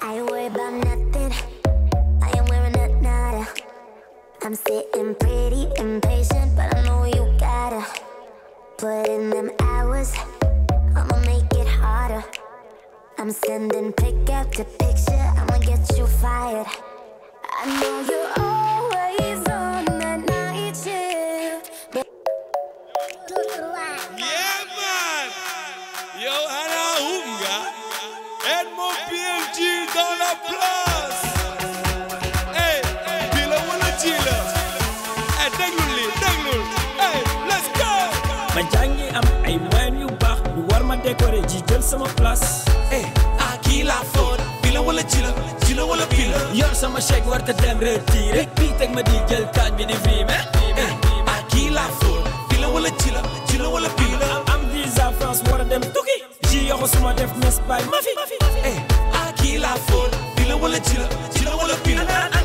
I worry about nothing. I am wearing a nada. I'm sitting pretty impatient, but I know you gotta put in them hours. I'ma make it harder. I'm sending pick up the picture. I'ma get you fired. I know you. jël sama place. eh ah kii laa foon la wala ci la ci la wala bii la. yor sama chèque war te dem retiré kii teg ma di jël kaaj bi di filmé. eh ah kii laa foon la wala ci la ci la wala bii am a dem tukki. ji yoxu suma def Espagne la wala ci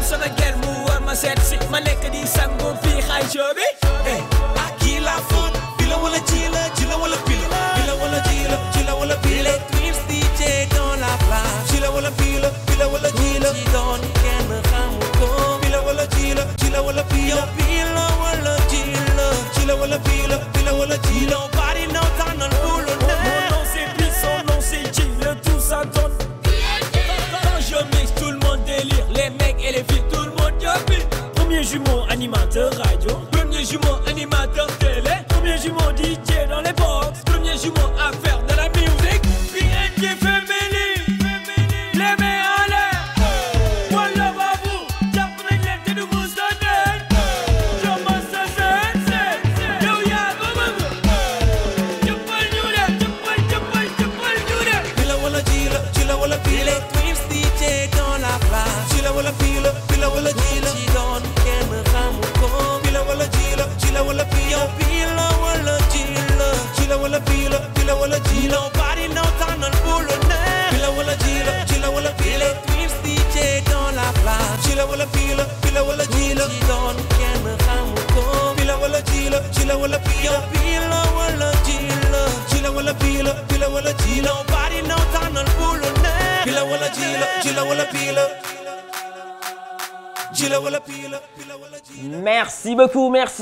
sama gel mu war ma seet si ma nekk di sangu fii xay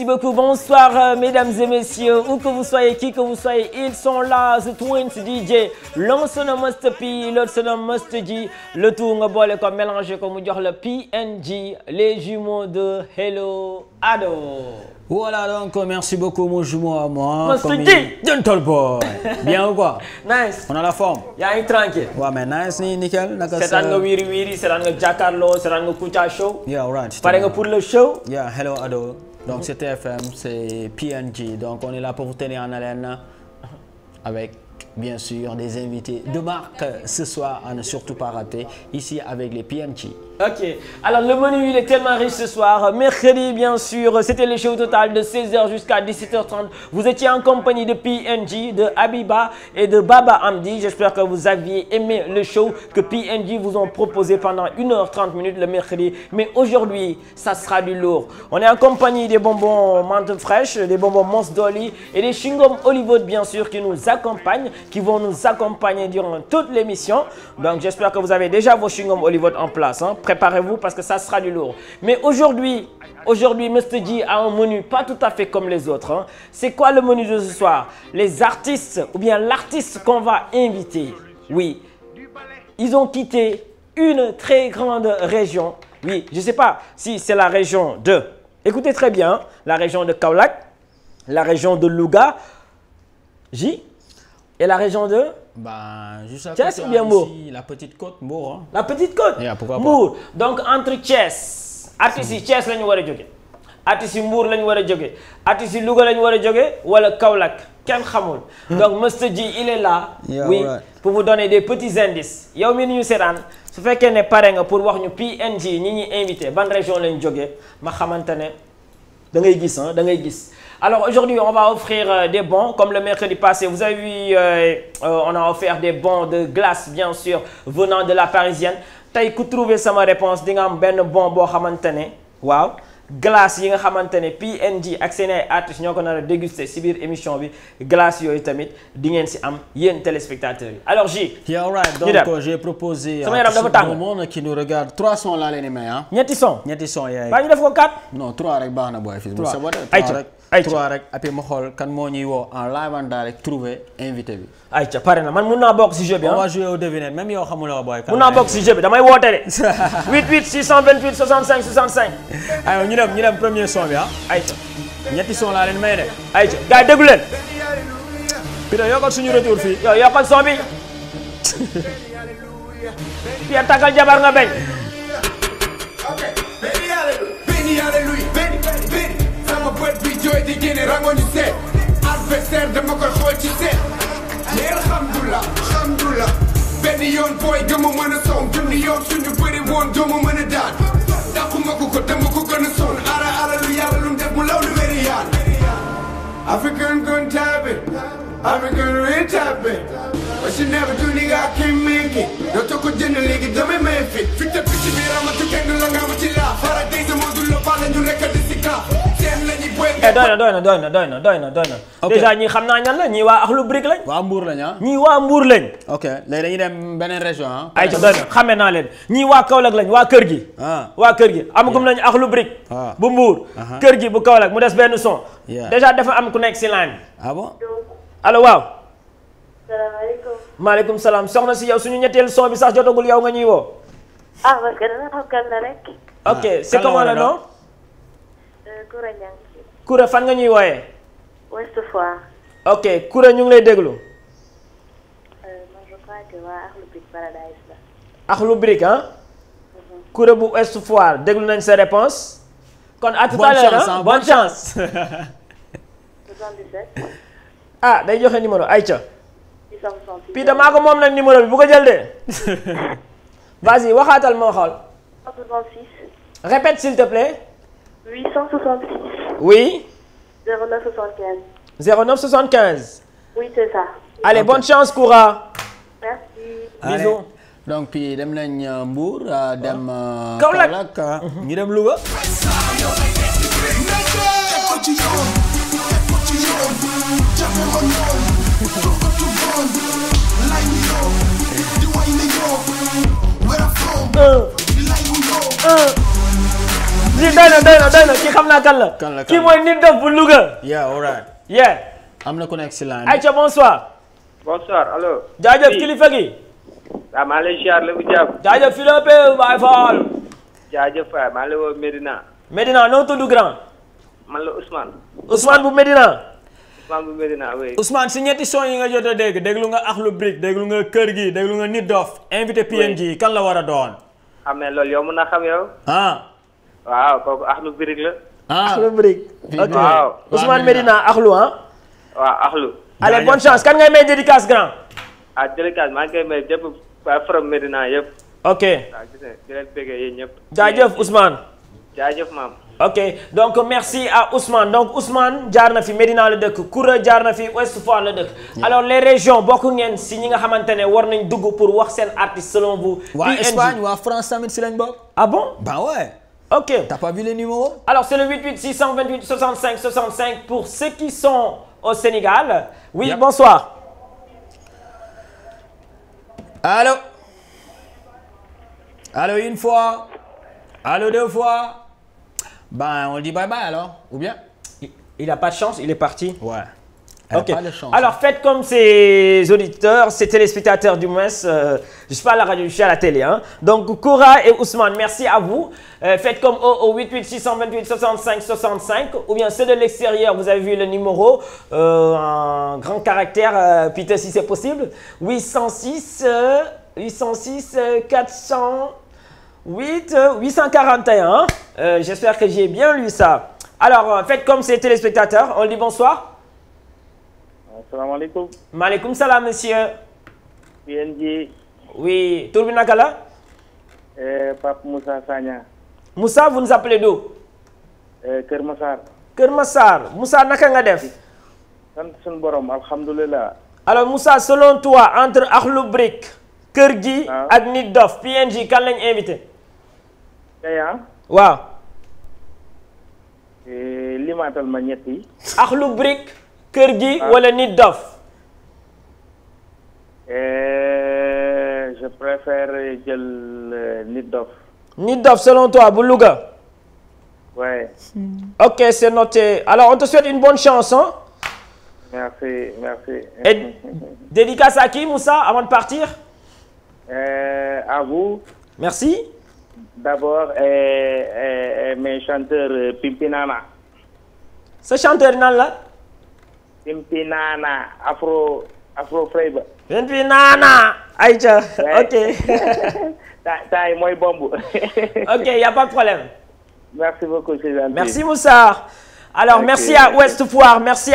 Merci beaucoup. Bonsoir, euh, mesdames et messieurs. Où que vous soyez, qui que vous soyez, ils sont là. The DJ. L'un se nomme Must P, l'autre Le tout nga boole ko mélangé ko mu jox le PNG, les jumeaux de Hello Ado. Voilà donc merci beaucoup mon jumeau à moi. Must G. Gentle boy. Bien ou quoi? Nice. On a la forme. Yaa ngi tranquille. Waaw mais nice ni nickel. Naka nga wiri wiri, seetaan nga jàkkaarloo, Show. Yeah, all right. Pare nga pour le show? Yeah, Hello Ado. Donc c'est TFM, c'est PNG. Donc on est là pour vous tenir en haleine avec bien sûr des invités de marque ce soir à ne surtout pas rater ici avec les PNG. ok alors le menu il est tellement riche ce soir mercredi bien sûr c'était le show total de 16 jusqu'à 17 vous étiez en compagnie de PNJ de Habiba et de Baba Hamdi j'espère que vous aviez aimé le show que PNJ vous ont proposé pendant 1 minutes le mercredi mais aujourd'hui ça sera du lourd on est en compagnie des bonbons menthe fraîche et des chewing Hollywood bien sûr qui nous accompagnent qui vont nous accompagner durant toute l'émission préparez-vous parce que ça sera du lourd. Mais aujourd'hui, aujourd'hui Mr G a un menu pas tout à fait comme les autres hein. C'est quoi le menu de ce soir? Les artistes ou bien l'artiste qu'on va inviter. Oui. Ils ont quitté une très grande région. Oui, je sais pas si c'est la région de Écoutez très bien, la région de Kaolack, la région de Louga, J, et la région de Ben, juste à Thiès ou bien Mbour La petite côte, Mbour. Hein. La petite côte yeah, Mbour. Donc, entre Thiès, artistes yi mm. Thiès la ñu war a jóge artistes yi Mbour la ñu war a jóge artistes yi Louga la war a jóge wala Kaolack kenn xamul. Hmm. donc Mr Dji il est là. Yeah, oui donner des petits indices yow mi ni ñu seetaan su fekkee ne pare nga pour wax ñu PNJ ñi ñuy invité ban région lañ jógee ma xamante ne da ngay gis ah da ngay gis. Alors aujourd'hui, on va offrir euh, des bons comme le mercredi passé. Vous avez vu, euh, euh, on a offert des bons de glace, bien sûr, venant de la Parisienne. tey ku trouver sama réponse di nga am benn bon boo xamante ne waaw. glace yi nga xamante ne PNG ak seen ay ñoo ko nar a déguster si émission bi glace yooyu tamit di ngeen si am yéen téléspectateurs yi alors J. yeah all right donc euh, j'ai proposé. Euh, sama yaram dafa tàng monde qui nous regarde trois sons laa leen di may ah. ñetti son ñetti son yaay. baa ñu def ko rek baax na booy. trois ayca rek trois rek après ma xool kan moo ñuy woo en live na man mun naa bokk si jeu bi ah. on va jouer au devinette même yow xamuloo booy. si jeu bi damay woote de. dem ñu dem premier son bi ah ayca ñetti son laa leen may de ayca gars yi déglu leen Pierre yokkal suñu retour fii yow yokkal son bi Pierre takkal jabar nga bañ adversaire dama koy xool ci seet leer alhamdulilah alhamdulilah benn yoon booy gëma mën a song junni yoon suñu bëri woon doo ma a daan dàqu gonna soon Ara ara lu yàlla lu mu def mu law lu wéri yaan African gon tap it African retap it But she never do nigga I can't make it Yow too ko jënd léegi damay may fit Fit te picc bi ramatu kenn du la nga mu ci laa Paradise moo du la baale ñu rekk di si kaa Eh, doy na doy na doy na déjà ñii xam naa ñan la ñii waa axlu brique lañ waa mbuur lañ ah ñii waa mbuur lañ ok léegi dañuy dem beneen région ah ay doy na xamee naa leen ñii waa Kaolack lañ waa kër gi ah. waa kër gi amagum nañu axlu brique ah. bu mbuur kër gi bu Kaolack mu des benn son déjà dafa am ku nekk si laan ah bon allo waaw salaamaaleykum maaleykum salaam soxna si yow suñu ñetteel son bi sax jotagul yow nga ñuy woo ah ok ah. Koura fan nga ñuy wooyee. Ouest Foire. ñu ngi lay déglu. Euh, man je crois que waa Akhlou Brick mhm. bu Ouest Foire déglu nañ sa réponse kon at tout à chance ah day joxe numéro Aïcha. pii damaa ko moom nag numéro bi bu ko jël de. vas waxaatal moo xool. 866. répète Oui 0975. 0975. Oui, c'est ça. Allez, bonne chance Koura. Merci. Bisous. donc euh, dem nañ euh, Mbour euh, dem. Kaolack mhm. ñu dem Louga. un. un. doy na doy na doy na kii xam naa kan la. kan mooy nit dof bu Louga. yeah all right. am na ku nekk si laan. Aïcha bonsoir. bonsoir allo. jaajëf kilifa gi. waaw ah, maa ngi lay ziar la bu jàpp. jaajëf Philippe Baye Fall. jaajëf waay maa ngi lay woo Medina. Medina noo tudd grand. man la Ousmane. Ousmane bu Medina. Ousmane bu Medina oui. si ñetti son yi nga jot a dégg déglu nga Akhlou Brick déglu nga Kër gi déglu nga Nit Dof. invité PNG kan la war a doon. ah mais waaw kooku axlu birig la. ah birig. ok waaw Ousmane ah. waaw axlu. allez bonne chance kan ngay may dédicace grand. ah dédicace maa ngi koy may jëpp waa from Medina yëpp. ok waaw gis ñëpp. jaajëf Ousmane. jaajëf maam. ok donc merci à Ousmane donc Ousmane jaar na fi Médina la dëkk Koura jaar na fi Ouest Foire la dëkk. alors les région bokk ngeen si ñi nga xamante ne war nañ dugg pour wax seen artiste selon vous. Espagne waa France tamit si lañ bokk. ah bon. OK. T'as pas vu les numéros? Alors, c'est le 88 628 65 65 pour ceux qui sont au Sénégal. Oui, yep. bonsoir. Allô? Allô une fois? Allô deux fois? Ben, on dit bye bye alors, ou bien? Il, il a de chance, il est parti. Ouais. ok alors faites comme ces auditeurs ces téléspectateurs du moins euh, je suis donc Cora et euh, au 88 628 65 65 ou bien ceux de l'extérieur vous avez vu le numéro euh, en grand caractère euh, Peter si c'est possible 806 806 400 8 841 j'espère que j'ai asalaamaaleykum. maaleykum salaam monsieur. PNG. wi tur bi naka la. Eh, Pape Moussa Sagna. Moussa vous nous appelez eh, Kër Massar. Kër Massar Moussa naka nga def. sant suñu borom alhamdulilah. alo musa selon toi entre Akhlou Brick. kër gi ah. ak nit dof PNG kan lañ invité. tey ah? waaw. Eh, limaatal ma ñett yi. Akhlou Brick. kër gi wala nit dof eh, je préfère jël euh, nit dof nit selon toi bu Louga Ouais. Hmm. Ok, c'est noté. Alors, on te souhaite une bonne chance, hein? Merci, Moussa, avant de partir? Eh, à vous. Merci. D'abord, eh, euh, euh, mes Ce chanteur nan la? Simpi Nana Afro Afro Freiba. Simpi Nana. Aïcha yi mooy bomb. ok y' a pas de problème. merci beaucoup c'est gentil. merci Moussa. alors okay. merci à Ouest Foire merci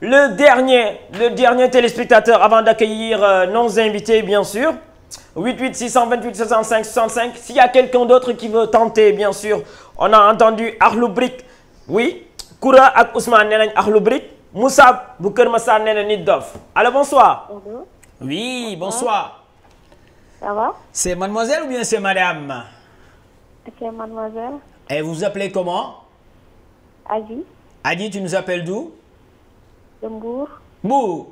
le dernier le dernier téléspectateur avant d'accueillir euh, nos invités bien sûr. 88 628 65 65 s'il y a quelqu'un d'autre qui veut tenter bien sûr on a entendu Koura ak Ousmane nee nañ Akhlou Brick Moussa bu Kër Massar nee na nit dof allô bonsoir. Bonjour. oui bonsoir. ça va. c'est mademoiselle ou bien c'est madame. c'est mademoiselle. et vous vous comment. Adi. Adi tu nous appelles d'où. Mbour. Mbour.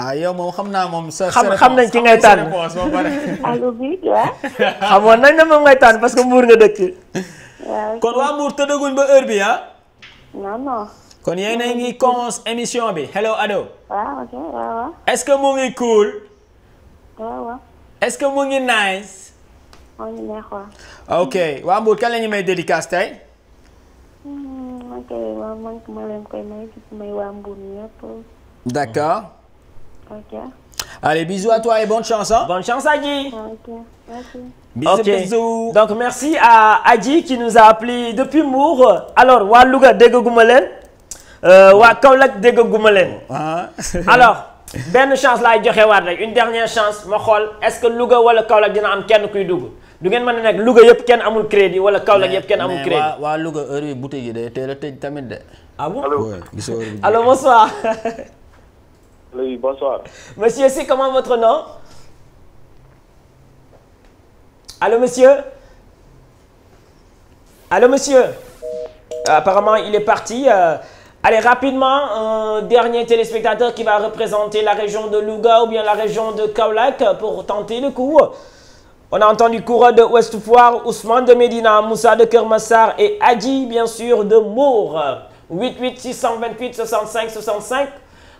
ah yow moom xam naa moom. sa xam xam nañ ki ngay tànn. Akhlou Brick waaw. xamoon nañ ngay tànn parce que Mbour nga dëkk. kon waa Mbour tëddaguñ ba heure bi ah. non non. kon yéen a ngi émission bi hello Ado. waaw ok waaw ce que mu cool. waaw waaw. est nice. moo ngi neex waaw. ok waa Mbour kan la ñu may dédicace tey. man hmm, kay waa man ma leen koy may Bisous, okay. Donc merci à Adji qui nous a appelé depuis Mbour. Alors waa Louga déggaguma leen euh, waa kaw Kaolack déggaguma leen. Ah. Alors benn chance laay joxe waat rek une dernière chance ma xool est-ce que Louga wala Kaolack dina am kenn kuy dugg du ngeen mën a nekk Louga yëpp kenn amul crédit wala Kaolack yëpp kenn amul crédit. mais waa Louga heure bi boutique yi day teel a tëj tamit de. ah bon bonsoir. oui bonsoir. comment votre nom. Allô, monsieur Allô, monsieur euh, Apparemment, il parti. Euh, allez, rapidement, un dernier téléspectateur qui va représenter la région de Louga ou bien la de Kaolack pour tenter le coup. On a entendu Koura de Ouest Foire, Ousmane de Médina, Moussa de Kermassar et Adji, bien sûr, de Mour.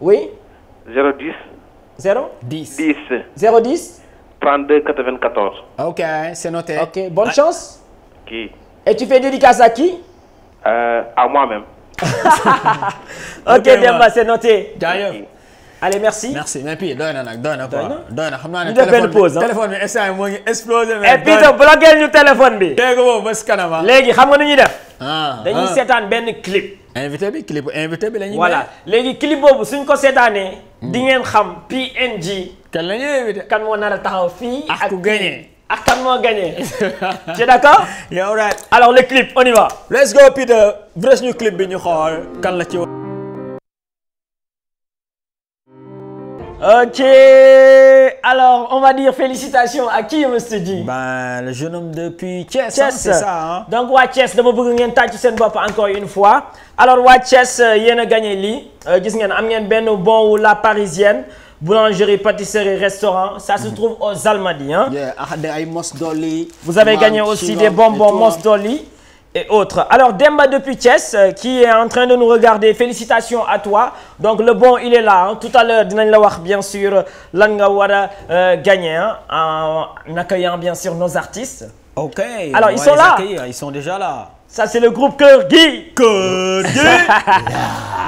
oui. 010. 0 10 10. 0 10. 32 94. ok c'est noté. ok bonne ah. chance. kii. et tu fais dédicace à qui. Euh, à moi-même. ok Demba c'est noté. jaajëf. allez merci merci mais puis doy na nag doy na quoi doy na xam naa ne téléphone téléphone bi instant moo ngi explosé. et puis te bloqué ñu téléphone bi. dégg nga boobu ba si kanam ah. léegi xam nga nu ñuy def. Ah, dañuy seetaan benn clip. invité bi clip invité bi la ñuy. voilà léegi clip boobu suñ ko seetaanee. Hmm. di ngeen xam PNG. kan la ñuy invité kan moo nar taxaw fii. ak ku gagné ak kan moo gagné. tu es yow right. alors le clip on let's go Peter. vrai suñu clip bi ñu xool kan la ci. Ok, alors on va dire félicitations à qui Monsieur Di le jeune homme depuis Thiès, c'est ça Donc waa Thiès dama bëgg ngeen tàcc seen bopp encore une fois. Alors waa Thiès euh, yéen a gagné lii euh, gis ngeen am ngeen benn bon wu la parisienne. Boulangerie, pâtisserie, restaurant, ça se trouve aux Almadies hein. Yeah, ah, ay mos dolli. Vous avez gagné aussi des bonbons mos dolli. et autres. Alors Demba depuis Thiès euh, qui est en train de nous regarder félicitations à toi donc le bon il est là hein. tout à l'heure dinañ la wax bien sûr lan nga war a euh, gagner en accueillant bien sûr nos artistes. ok alors ils sont là ils sont déjà là. ça c'est le groupe Kër Gui. Kër Gui.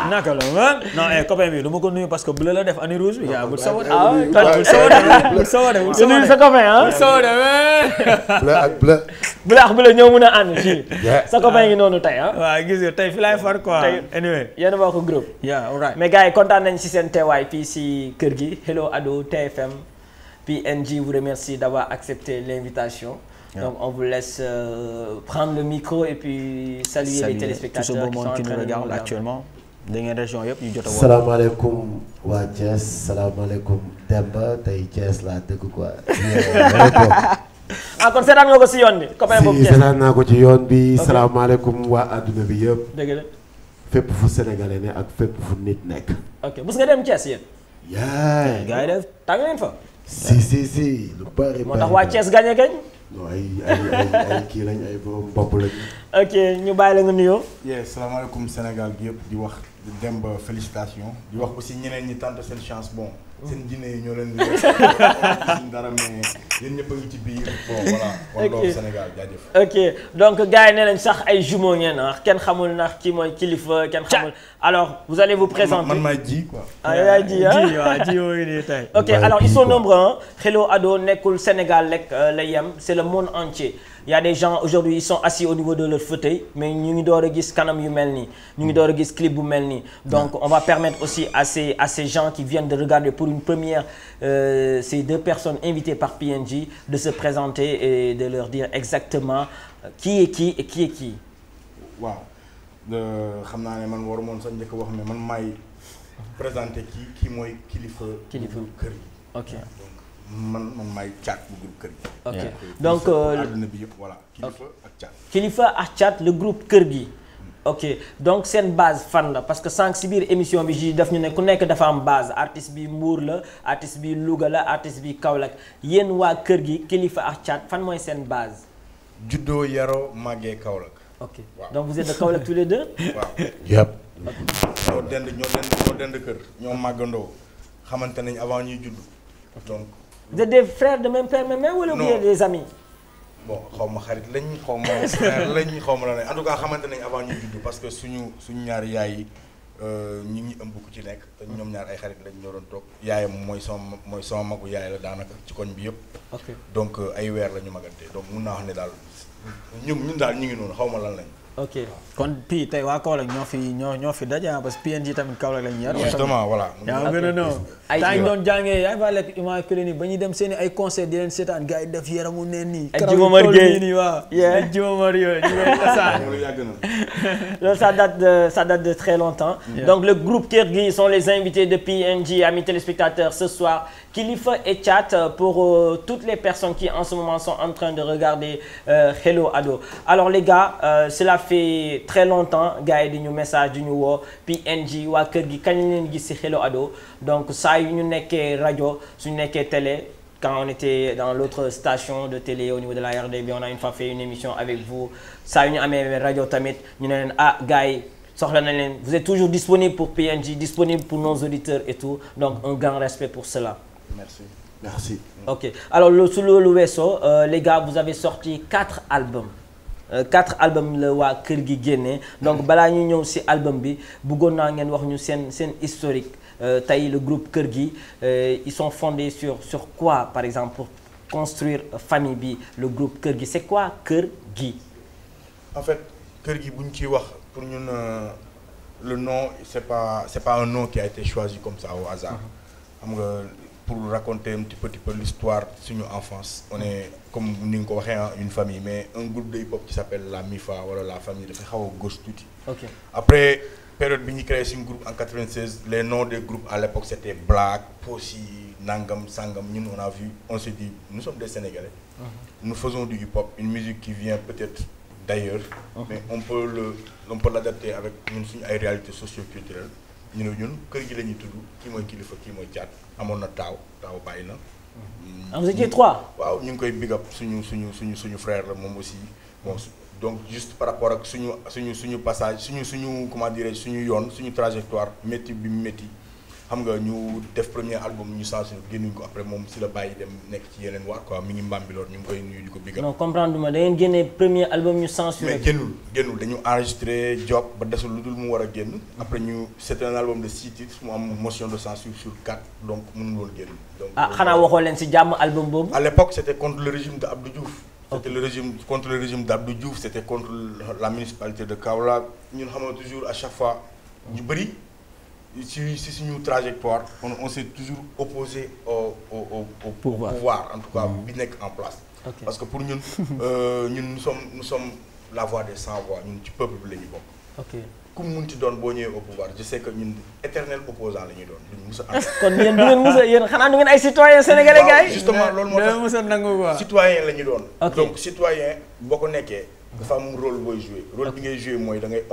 la man non eh bi du ma ko nuyu parce que bu la def année rouge bi. ah bu sawar ah bu sawar bu sawar bu eh. a ànd sa copain ngi noonu tey ah. gis nga tey fi laay far quoi. tey anyway yéen a bokk groupe. yeah all right mais gars yi kontaan nañ si seen teewaay fii si Kër Gui Hello Ado TFM PNG vous remercie d'avoir accepté l'invitation donc on vous laisse euh, prendre le micro et puis saluer Salut les téléspectateurs tout ce beau monde qui, qui nous regarde actuellement da ngeen région yëpp ñu jot a. salaamaaleykum waa Thiès salaamaaleykum Demba tey Thiès laa dëkk quoi. Ah, ko si yoon bi. copain boobu si seetaan ci yoon bi salaamaaleykum wa adduna bi yëpp. dëgg la. fépp fu ak fépp fu nit nekk. ok bus nga dem Thiès yéen. yaay gars yi def tàng leen fa. si si si lu bari. moo tax waa Thiès gagné gañ. non ay ay lañ ay borom bopp lañ. ok ñu bàyyi la nga nuyoo. yee salaamaaleykum Sénégal gi yëpp di wax Demba félicitation di wax aussi ñeneen ñi tenter seen chance bon. seen jinne yi ñoo leen di suñ dara mais ci biir bon voilà kon donc gars yi nañ sax ay jumeaux ngeen ah. kenn xamul nax kii mooy kilifa kenn xamul alors vous allez vous présenter man maay ji quoi ah yaay ji ah ji waaw ji alors ils sont nombreux Hello Ado nekkul Sénégal rek euh, le yem c'est le monde entier y des gens aujourd'hui ils sont assis au niveau de leur fauteuil mais ñu ngi door a gis kanam yu mel ni ñu ngi door a gis clip bu mel ni donc on va permettre aussi à ces à ces gens qui viennent de regarder pour une première euh, ces deux personnes invitées par PNJ de se présenter et de leur dire exactement euh, qui est qui et qui est qui waaw xam naa ne man waru moon sax njëkk wax ne man maay présenter kii kii mooy kilifa kilifa kër yi ok man man maay caat bu groupe Kër gi. ok donc kilifa ak caat. kilifa Kër gi. ok donc seen base fan la parce que sànq si biir émission bi ji daf ñu ne ku nekk dafa am base artiste bi mbuur la artiste bi Louga la artiste bi Kaolack yenn waa kër gi kilifa ak caat fan mooy seen base. juddoo yaroo màggee Kaolack. ok donc vous êtes de tous les deux. waaw ñoo dend ñoo dend ñoo dend kër ñoo màggandoo xamante nañ avant ñu judd de des frères de même père même mère wala bien des amis. bon xaw ma xarit lañ xaw ma frère lañ xaw ma la ne en xamante nañ avant ñu judd parce que suñu suñu ñaari yaay yi euh, ñu ngi ëmb ku ci nekk te ñoom ñaar ay xarit lañ ñoo doon toog yaayam mooy sama mooy sama magu yaay la daanaka ci koñ bi yëpp. donc euh, ay weer la ñu magante donc mun naa wax ne daal ñu ñu daal ñu ngi noonu xaw ma lan lañ. ok kon Pi tey waa Kaolack ñoo fi ñoo ñoo fi daje ah, parce que PNG tamit Kaolack la ñu yar. justement voilà. yaa ngi gën a nëw temps ñu doon jàngee yaa ngi faa lekk image clinique ba ñuy dem seen ay conseil di leen seetaan gars yi def yaramu neen nii. ay jubamar géey nii waaw. ay jubamar yooyu ñu koy tasaan. loolu ça date de ça date de très longtemps. donc le groupe Kër Gui sont les invités de PNG amis téléspectateurs ce soir. Kilifeu et Chat euh, pour euh, toutes les personnes qui en ce moment sont en train de regarder euh, Hello Ado alors les gars cela fait très longtemps gars yi di ñu message di ñu woo PNG waa kër gi kañ leen gis ci Hello Ado donc saa yu ñu nekkee rajo suñu nekkee tele quand on était dans l'autre station de télé au niveau de la RDB on a une fois fait émission avec vous saa yu ñu amee rajo tamit ñu ne leen ah gars yi soxla na leen vous êtes toujours disponible pour PNJ disponible pour nos auditeurs pour cela merci merci. Mm. ok alors lu su loolu weesoo les gars vous avez sorti quatre albums. Euh, quatre albums la waa kër gi génne donc mm. balaa ñu ñëw ci album bi bëggoon naa ngeen wax ñu seen seen historique euh, tey le groupe kër gi euh, ils sont fondés sur sur quoi par exemple pour construire famille bi le groupe kër gi c'est quoi kër gi. en fait kër gi bu ñu ciy wax pour ñun le nom c'est pas c'est pas un nom qui a été choisi comme ça au hasard mm-hmm. xam nga. pour raconter un petit peu, petit peu l'histoire de notre enfance. On est, comme nous l'avons dit, une famille, mais un groupe de hip-hop qui s'appelle la MIFA, voilà, la famille de Fekhawa Ghost okay. Après, période où nous créé un groupe en 96, les noms des groupes à l'époque c'était Black, Possi, Nangam, Sangam. Nous, on a vu, on s'est dit, nous sommes des Sénégalais. Uh -huh. Nous faisons du hip-hop, une musique qui vient peut-être d'ailleurs, uh -huh. mais on peut le, on peut l'adapter avec une, une réalité socioculturelle. Nous, nous, nous, nous, nous, nous, nous, nous, nous, nous, amoon na taaw taaw bàyyi na. Mm. am waaw ñu ngi koy big up suñu suñu suñu suñu frère la moom aussi bon donc juste par rapport ak suñu suñu suñu passage suñu suñu comment dirais suñu yoon suñu trajectoire métti bi métti. xam nga ñu def premier album ñu changé génnuñ ko après moom si la bàyyi dem nekk ci yeneen waar quoi mi ngi mbambiloor ñu ngi koy nuyu di ko bigga non comprendre ma da ngeen génnee premier album ñu censuré mais génnul génnul dañu enregistré job ba desul lu dul mu war a génn après ñu c'est un album de six titres mu am motion de censure sur quatre donc mënul woon donc ah, xanaa waxoo leen si jàmm album boobu à l'époque c'était contre le régime de fois ñu bëri si si suñu trajectoire on on s'est toujours opposé au pouvoir, pouvoir en tout cas mm. bi nekk en place. parce que pour ñun euh, ñun nous sommes nous sommes la voix des sans voix ñun ci peuple bi la bokk. ok ku mu munti doon boo ñëwee au pouvoir je sais que ñun éternel opposant la doon duñ mus a. kon yéen du ngeen mus a xanaa du ngeen ay citoyens sénégalais gars justement loolu moo tax nangu quoi. citoyen la doon. donc citoyen boo ko nekkee. dafa am booy jouer rôle bi ngay jouer mooy da ngay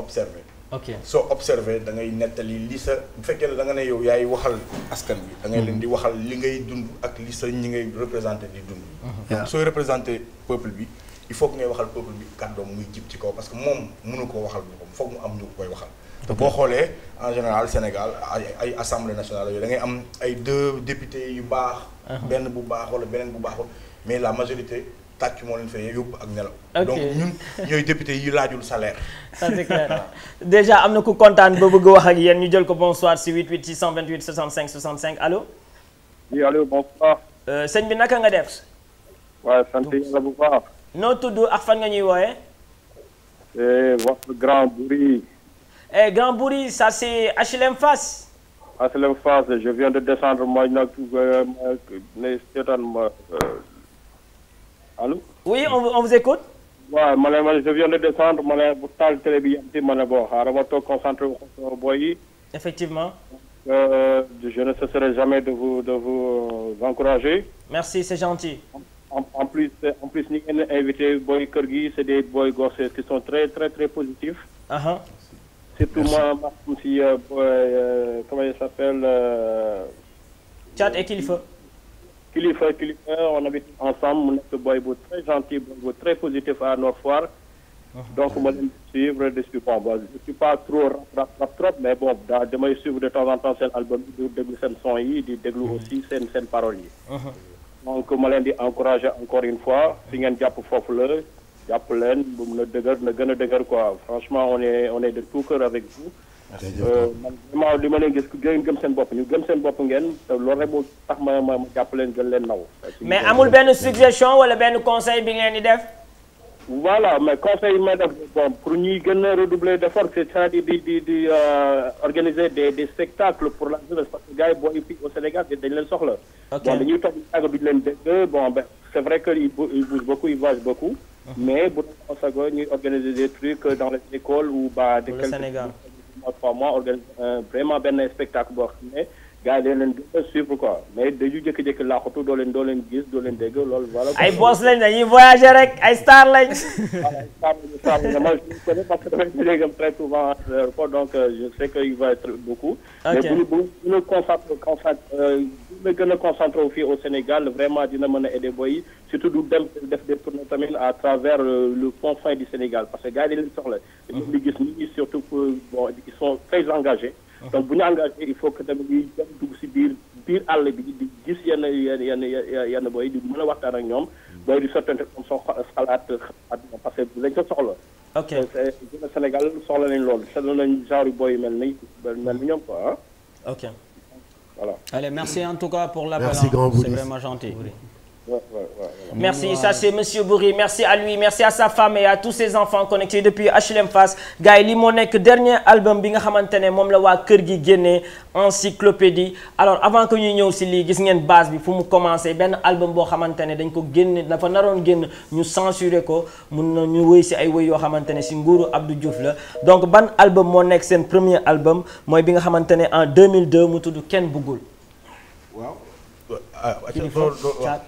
ok soo observé da ngay nettali li sa bu fekkee ne da nga ne yow yaay waxal askan bi da ngay mm-hmm. leen di waxal li ngay dund ak li sa ñi ngay représenté di dund mm-hmm. sooy représenté peuple bi il faut que ngay waxal peuple bi kàddoom muy jib ci kaw parce que moom mënu koo waxal boppam foog mu am ñu koy waxal te boo xoolee en général Sénégal ay ay assemblée nationale yooyu da ngay am ay deux député yu baax uh-huh. benn bu baax wala beneen bu baax mais la majorité tàcc moo leen fay yóbbu ak nelaw. donc ñun ñooy député yi laajul salaire. ça c'est clair déjà am na ku kontaan ba bëgg wax ak yéen ñu jël ko bonsoir si 88 628 65 65 allo. oui allo bonsoir. Euh, sëñ bi naka nga def. waaw sant yàlla bu baax. tudd ak fan nga ñuy wooyee. Eh, wax Grand Boury. eh Grand Boury ça c'est HLM Fass. HLM Fass je viens de descendre euh, ma nag ne seetaan ma. Euh, allo. oui on vous on vous écoute. waaw ma ma je viens de descendre ma ne bu taal télé bi yem si ma ne bon xaaral ma toog concentré wu ko booy yi. effectivement. Euh, je ne cesserai jamais de vous de euh, encourager. merci c'est gentil. en en plus en plus ñi ngeen invité booy kër gi c'est des booy gosses qui sont très très très positifs. Uh-huh. surtout moi ma si euh, comment il s'appelle. Tchad et Kilifeu. kilifa kilifa on habite ensemble mu nekk boy bu très gentil boy bu très positif à Nord Foire ah, donc ma suivre de suivant ba pas trop rap rap suivre de temps en temps seen album yi di déglu son yi di déglu mm-hmm. aussi seen seen yi uh-huh. donc ma leen di encourager encore une fois fi ngeen jàpp foofu la jàpp leen bu mun a dëgër na gën a dëgër quoi franchement on est on est de tout cœur avec vous Euh, man vraiment li ma leen gis ngeen gëm seen bopp ñu gëm seen bopp ngeen loolu rek moo tax ma ma jàpp leen gën leen naw. mais amul benn suggestion wala benn conseil bi ngeen di def. voilà mais conseil ma def pour ñuy gën a redoubler d'efforts c'est-à-dire di di di euh, organiser des des spectacles pour la jeunesse parce que gars yi booy fii au Sénégal dañ leen soxla. ok bon dañuy toog àgg leen dégg bon ben c'est vrai que il bouge beaucoup il voyage beaucoup. Mhm. mais bu doon sago ñuy organiser des trucs dans les écoles ou ba. des Sénégal. mois organise euh, vraiment benn spectacle boo xam ne gars yi dañ leen gën a suivre quoi mais dañu jékki-jékki laaxutu doo leen doo leen gis doo leen dégg loolu voilà. ay boss lañ dañuy voyager rek ay star lañ. waaw star lañ man je connais parce que très souvent à l'aéroport donc euh, je sais que il va être beaucoup. mais bu ñu bu ñu concentré a concentré euh, au Sénégal vraiment dina mën a aider boy yi surtout du dem def des tournées tamit à travers euh, le pont fin du Sénégal parce que gars yi dañ mhm. gis nit ñi surtout bon ils sont très engagés. Ah. donc bu ñu engagé il faut que tamit ñuy dem dugg si biir biir àll bi di gis yenn yenn yenn yenn booy di mën a waxtaan ak ñoom hmm. booy di sottante comme soo xalaat parce que lañ ko soxla. ok Sénégal soxla nañ lool soxla nañ genre booy mel ni mel ni ñoom ko ok voilà. allez merci en tout cas pour l'appel. merci c'est vraiment gentil. Merci, ça c'est Monsieur Bourri. Merci à lui, merci à sa femme et à tous ses enfants connectés depuis HLM Fass. gars yi li moo nekk dernier album bi nga xamante ne moom la waa kër gi génnee encyclopédie. Alors avant que ñuy ñëw si lii gis ngeen base bi fu mu commencé benn album boo xamante ne dañ ko génne dafa naroon génn ñu censuré ko mun na ñu wëy si ay wëy yoo xamante ne si nguuru Abdou Diouf la. Donc ban album moo nekk seen premier album mooy bi nga xamante ne en 2002 mu tudd Kenn Buggul. Ah,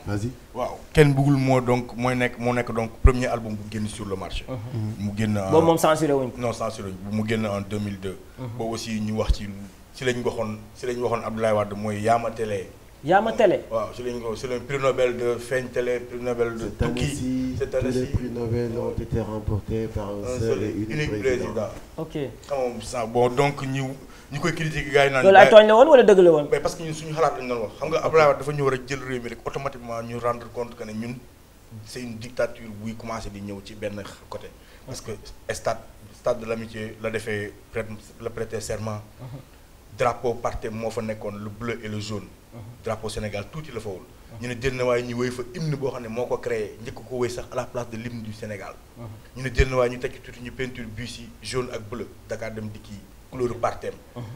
vas-y waaw kenn bëggul moo donc mooy nekk moo nekk donc premier album bu génn sur le marché. Uh-huh. Mm-hmm. mu génn en boobu moom censuré wuñ non censuré wuñ bu mu génn en 2002. Uh-huh. boobu aussi ñu wax ci si lañ waxoon si lañ waxoon Abdoulaye Wade mooy Yaama Télé. Yaama Télé waaw si lañ ko si lañ prix Nobel de Feeñ Télé prix Nobel de. Tukki cette année-ci Nobel ont été remportés par un seul et unique président. ok xam nga bon donc ñu. ñu koy critiquer gars yi naan loolu ay tooñ la woon wala dëgg la woon parce que suñu xalaat lañ doon wax xam nga Abdoulaye Wade dafa ñëw rek jël réew mi rek automatiquement ñu rendre compte que ne buy commencé di ñëw ci benn côté parce que stade stade de l'amitié la defee prête la prêter serment uh-huh. drapeau parté moo fa nekkoon le bleu et le jaune uh-huh. drapeau Sénégal tuuti la fa uh-huh. ñu ne jël na waaye ñu wéy fa hymne boo xam ne moo ko créé njëkk ko wéy sax a la place de l'hymne du Sénégal ñu ne jël na waaye ñu tekki tuuti ñu peinture bus yi jaune ak bleu Dakar dem dikki couleur partem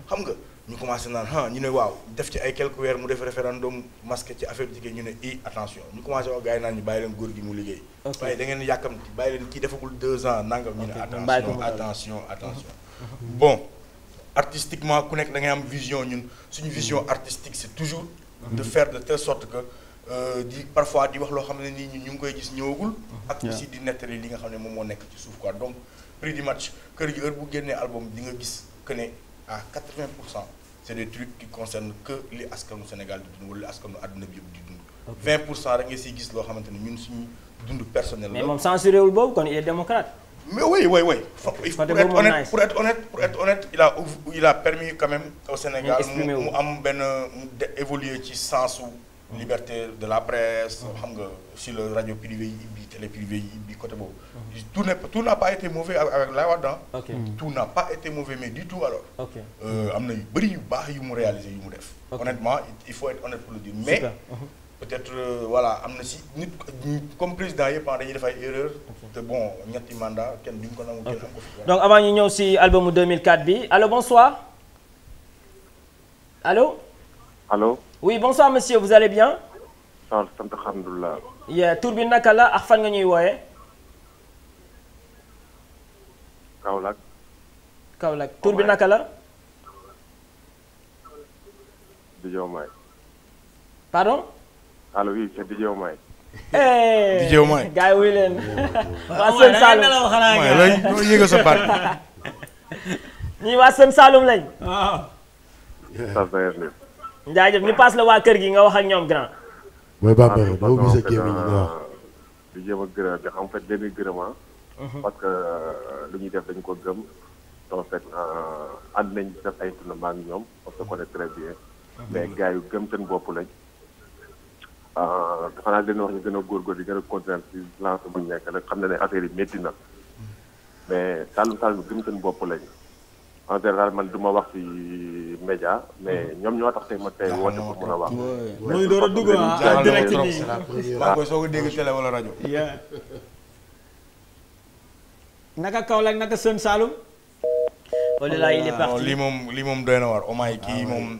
xam nga ñu commencé naan ah ñu ne waaw def ci ay quelques weer mu def référendum masqué ci affaire jigéen ñu ne i eh, attention ñu commencé wax gars yi naan ñu bàyyi leen góor gi mu liggéey. waaye da yàkkamti bàyyi leen kii defagul deux ans nangam. ñu ne attention attention mhm. Mhm. Mhm. bon artistiquement ku nekk da am vision ñun suñu vision artistique c'est toujours. de faire de telle sorte que. Euh, di parfois di wax loo xam ne nii ñu ñu ngi koy gis ñëwagul. ak aussi di nettali li nga xam ne moom moo nekk ci suuf quoi donc prix du match kër gi heure bu génnee nga gis. que ne à 80 pour cent c' est des trucs qui concernent que li askanu Sénégal di dund wala li askanu àdduna bi yëpp di dund. 20 pour cent rek nga gis loo xamante ni ñun suñu dund personnel la. mais moom censuré wul boobu kon il est démocrate. mais oui oui oui. pour, être honnête, pour être honnête il a permis quand au Sénégal mu am benn évoluer ci sensu. liberté de la presse xam nga sur le radio privé yi ibbi télé privé yi ibbi côté boobu mm-hmm. tout n'est tout n'a pas été mauvais avec Laye Wade okay. Mm-hmm. tout n'a pas été mauvais mais du tout alors euh, am na yu bëri yu baax yu mu réalisé yu mu def honnêtement il faut être honnête pour le dire mais mm-hmm. peut-être euh, voilà am na si nit comme président yëpp dañuy def ay erreur te ñetti mandat kenn duñ ko nangu kenn am ko fi donc avant ñu ñëw si albumu 2004 bi allo bonsoir allo allo oui bonsoir monsieur vous allez bien. waaw sant alhamdulilah. yaa tur bi naka la ak fan nga ñuy wooyee. Kaolack. Kaolack tur bi naka la. Dj Omay. pardon. allo oui c'est Dj Omay. Eh, Dj Omay. gars yi wuy leen. Oh. waa Sën Saalum waaw looy looy yëgal sa baat. ñii waa jaajëf ñu paas la waa kër gi nga wax ak ñoom grand. mooy Bambara ah, boo gisee gémmiñ nga wax. di jéem a gërëm nga xam en ah. mhm. parce que euh, lu ñuy def dañ ko gëm. en fait euh, ànd nañ def ay tournements ak ñoom parce que connaît très bien. Mhm. mais gars yu gëm seen bopp lañ. Euh, dafa naa leen wax ñu gën a di gën a continuer ci lancé bu ñu nekk rek xam na ne affaire yi métti na. Mhm. mais Saloum Saloum gëm seen bopp lañ. en général man du ma wax ci média ñoom ñoo tax a wax. mooy door a dugg ah direct bi maa koy soog a dégg télé wala rajo. naka Kaolack naka Sën Saalum. wala il est ah, lii moom lii moom doy na waar Omay ah, kii moom.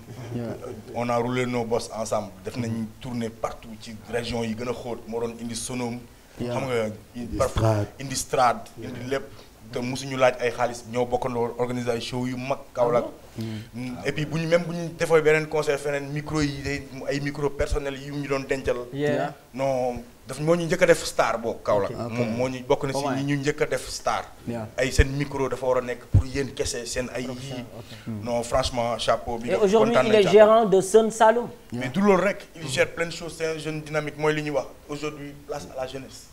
on a roulé nos bosses ensemble def nañ tournée partout ci région yi gën a xóot moo doon indi Sonom. xam nga indi Strade indi lépp. te mosuñu laaj ay xaalis ñoo bokkandoo organiser ay show yu mag Kaolack. Mm. et bu ñu même bu ñu defee beneen conseil feneen micro yi day ay micro personnel yu ñu doon dencal. noo daf moo ñu jëkk def star boobu Kaolack. moom moo ñu bokk na si ñi ñu njëkk a def star. ay seen micro dafa war a nekk pour yéen kese seen ay. yii mm. non franchement chapeau bi. kontaan nañ aujourd'hui il est gérant de Sun Saloum. mais du loolu rek il gère plein de choses jeune dynamique mooy li ñuy wax aujourd'hui place à la jeunesse.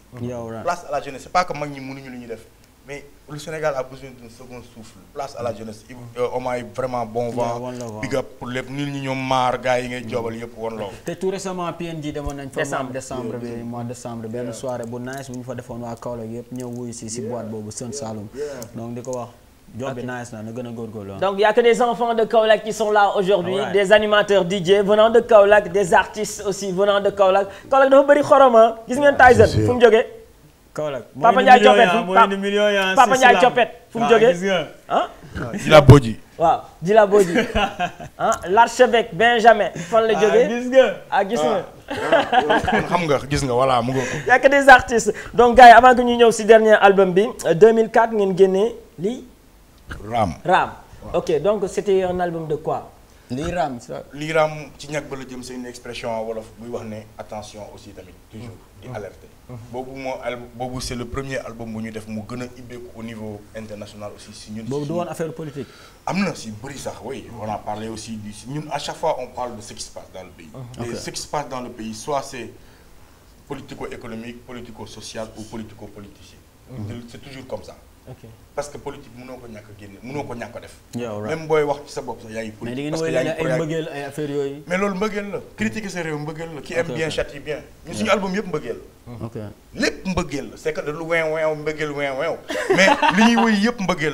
mënuñu lu ñuy def. mais Sénégal a besoin d'un second souffle place à la jeunesse euh, Omar yi vraiment bon vent big pour lépp nit ñi ñoom maar gars yi ngay mm. joobal yëpp woon loo te tout récemment PNJ demoon nañ fa mois décembre bi mois décembre benn soirée bu nice bu ñu fa defoon waa Kaolack yëpp ñëw wuyu si si boîte boobu Sën Saloum donc di ko wax job bi nice na na gën a góorgóorlu donc y a que de Kaolack qui sont là des animateurs de Kaolack des artistes aussi venant de Kaolack Papa Ndiaye Coppet Papa Ndiaye Coppet fu mu ah, jógee ah. ah Jila Boji. waaw Jila Boji ah l'archevêque Benjamin fan la ah, jógee gis nga ah gis nga. xam nga gis nga voilà mu ngi. y'a que des artistes donc gars yi avant que ñu ñëw si dernier album bi 2004 euh, ngeen génnee lii. Raam Raam. ok donc c'était un album de quoi. lii raam lii raam ci ñàkk ba la jëm c'est une expression wolof buy wax ne attention aussi tamit toujours mm-hmm. di alerter. Mm-hmm. Mm-hmm. boobu moo al boobu c'est le premier album bu ñu def mu gën a ibbeeku au niveau international aussi si ñun. boobu du woon affaire politique. am na si bëri sax oui on a parlé aussi du si ñun à chaque fois on parle de ce qui se passe dans le pays. et ce qui se passe dans le pays soit c'est politico-économique politico-social ou politico-politicien. c'est comme ça. parce que politique mënoo ko ñàkk génne mënoo ko ñàkk def. même booy wax ci sa bopp sax yaa ngi parce que yaa ngi ay mbëggeel ay affaire yooyu. la critiquer sa bien châtie bien. ñu suñu album yëpp mbëggeel la. la c'est que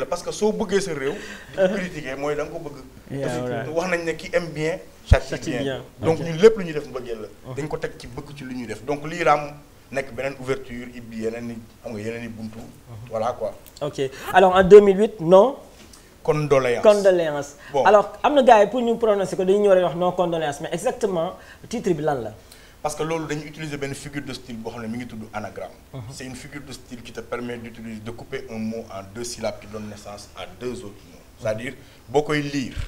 parce que soo bëggee sa réew. mooy da ko bëgg. wax nañ ne qui aime bien. châtie bien donc ñun lépp lu ñuy def mbëggeel la. dañ ko teg ci bëgg ci lu ñuy def donc lii raam nekk beneen ouverture ibbi yeneen i xam nga yeneen i buntu. Mhm. voilà quoi. ok alors en 2008 non. condoléance condoléance. bon alors am na gars yi pour ñu prononcer ko dañu ñëw rek wax non condoléance mais exactement titre bi lan la. parce que loolu dañu utiliser benn figure de style boo xam ne mi ngi tudd anagramme. Mhm. c' est une figure de style qui te permet d' utiliser couper un mot en deux syllabes qui donne naissance à deux autres mots. c' à dire boo koy lire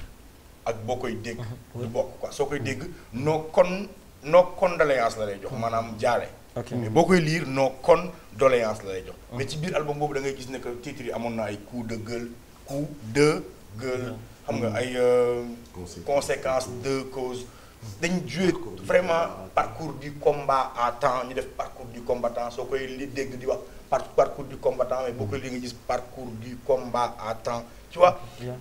ak boo koy dégg. Mhm. du bokk ko soo koy dégg noo kon noo condoléance la lay jox maanaam jaale. mais boo koy liir non kon doléance la lay jox. mais ci biir album boobu dangay gis ne que titre yi amoon na ay coup de gueule coup de gueule xam nga mm. ay euh, conséquences de cause dañ ko vraiment parcours du combat à temps ñu def parcours du combattant soo koy li dégg di wax par parcours du combattant mais beaucoup li nga gis parcours du combat à temps tu vois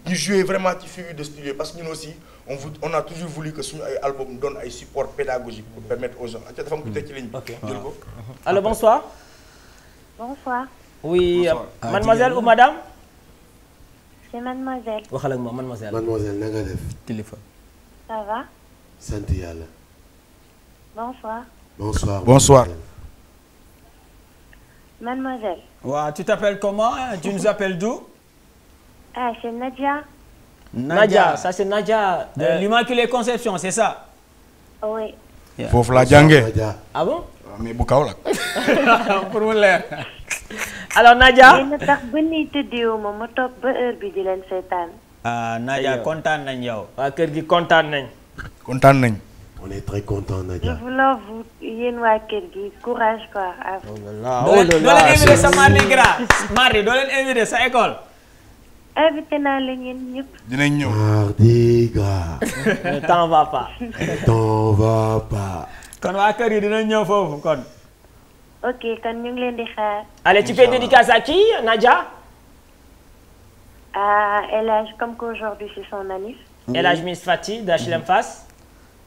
ñu jouer vraiment ci figure de style parce que ñun aussi on vou on a toujours voulu que suñu ay album doon ay support pédagogique pour permettre aux gens aca dafa am ku teg ci ligne bi jël ko uh-huh. allô bonsoir bonsoir oui bonsoir. Euh, mademoiselle ou madame c'est mademoiselle waxal ak ma mademoiselle mademoiselle na Mademoiselle. waaw tu t'appelles comment tu nous appelles d'où? ah c'est Nadia. Nadia. Nadia ça c'est Nadia. de euh, l'Immaculée Conception c'est ça. oui. foofu laa ah bon. waaw mais bu kaw la. pour mu leer. alors Nadia. yéen a tax ba nii tëddeewu ma ma toog ba heure bi di leen seetaan. ah Nadia kontaan nañ yow. waa kër gi kontaan nañ. kontaan nañ. on est très content Nadia. je vous l'avoue yéen waa kër gi courage quoi. oh là là oh sa mardi gras mardi doo leen invité sa école. invité naa la ñeen ñëpp. dinañ ñëw mardi gras. va pas. le va pas. kon waa kër yi dinañ ñëw foofu kon. ok kon ñu ngi leen di xaar. allez tu fais dédicace à qui Nadia. à El Hadj comme qu'aujourd'hui c'est son anniversaire. El Hadj Miss Fati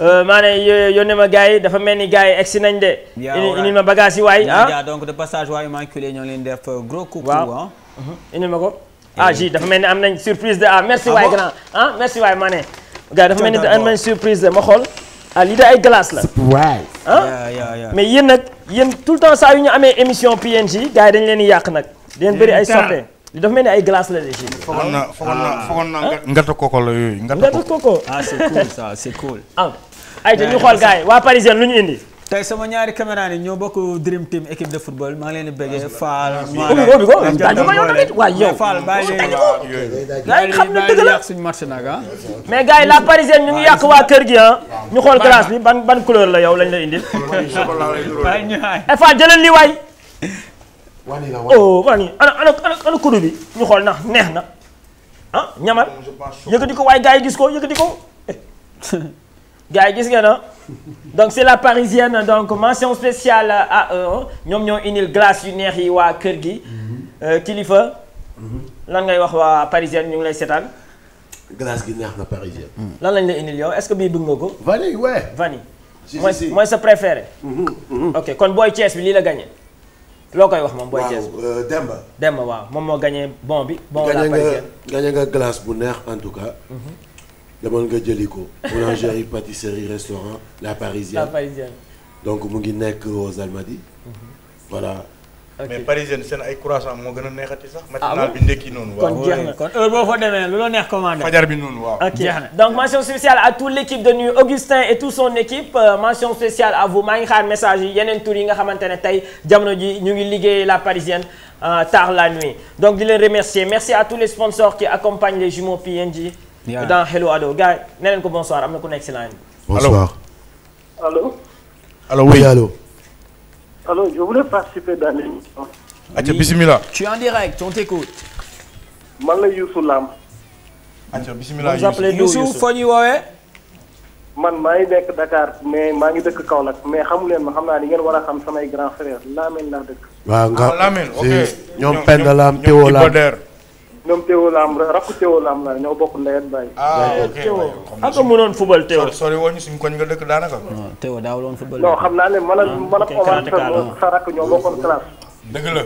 Euh, maanaam yónnee ma gars yi dafa mel ni gars yi egsi nañ de. indi ma bagage yi waay ah. donc de passage waayu Immaculée ñoo leen def euh, gros coucou. waaw mhm. ko. ah dafa mel ni am nañ surprise de ah merci ah waay grand ah merci waay maane. gars dafa mel ni de ma xool. ah lii de ay glace la. surprise. ah mais yéen nag yéen tout le temps saa ñu amee émission PNJ gars yi dañu leen di yàq nag. di leen ni ay glace la na fogoon na fogoon na c'est cool ça ah. ay te ñu xool gars yi waa parisien lu ñu indi. tey sama ñaari caméra yi ñoo bokk Dream Team équipe de football maa ngi leen la suñu match ah. mais gars la parisienne ñu ngi yàq waa kër gi ah. ñu xool glace bi ban ban couleur la yow lañ la indil. Fall eh, jëlal li waay. wani la oh, ana ana ana bi ñu xool na neex na ah ñamal yëkkati ko waaye gars yi gis ko yëkkati ko. Eh. gars yi gis ngeen ah donc c'est la parisienne donc mention spéciale à eux ñoom ñoo indil glace yu neex yi waa kër gi. Euh, kilifa. lan ngay wax waa parisienne ñu ngi lay seetaan. glace gi neex na parisienne. Hmm. lan lañ la indil yow est-ce que bii bëgg nga ko. vanille ouais. vanille. si mooy sa préféré. Mm-hmm, mm-hmm. ok kon booy Thiès bi lii la gagné. loo koy wax moom booy Thiès euh, bi waaw Demba. waaw moom moo gagné bon bi. bon la parisienne gagné nga glace bu neex en tout cas. Mm-hmm. demoon nga jëli ko. boulangerie pâtisserie restaurant La Parisienne. La Parisienne. donc mu ngi nekk aux Almadies. Mhm. voilà. Okay. ay croissant moo gën a neexati sax. Ah matinal bi ndekki noonu. waaw kon jeex na kon heure boo fa demee lu la neex commandé. fajar bi l' équipe de nuit Augustin et toute son équipe euh, mention spéciale vous maa ngi xaar message yi yeneen tur yi nga xamante ne tey jamono ji ñu ngi liggéey la parisienne euh, tard la nuit donc di leen remercier merci à tous les sponsors qui accompagnent Yeah. dans Hello Ado gars yi ko bonsoir am na ku nekk si line bi. bonsoir allo. allo yow allo. allo participer dans l'émission. acca bisimilah. tu es en direct on t'écoute. man la Youssou Lam. acca bisimilah foo ñuy woowee. man maa ngi nekk Dakar mais maa ngi dëkk Kaolack mais xamu leen ma xam naa ni ngeen war a xam samay grand frère Lamine laa dëkk. waaw ah, nga Lamine ok ñoom Penda Lam Théo Lam ñoom Théo Lam rakku Théo Lam la ñoo bokk ndey ak baay. ah ok xam nga mënoon fubal Théo. sori ñu suñu nga dëkk daanaka. Théo daawul woon fubal. non xam naa ne man ak ah, man ak Omar sa rakk ñoo bokkoon classe. dëgg la.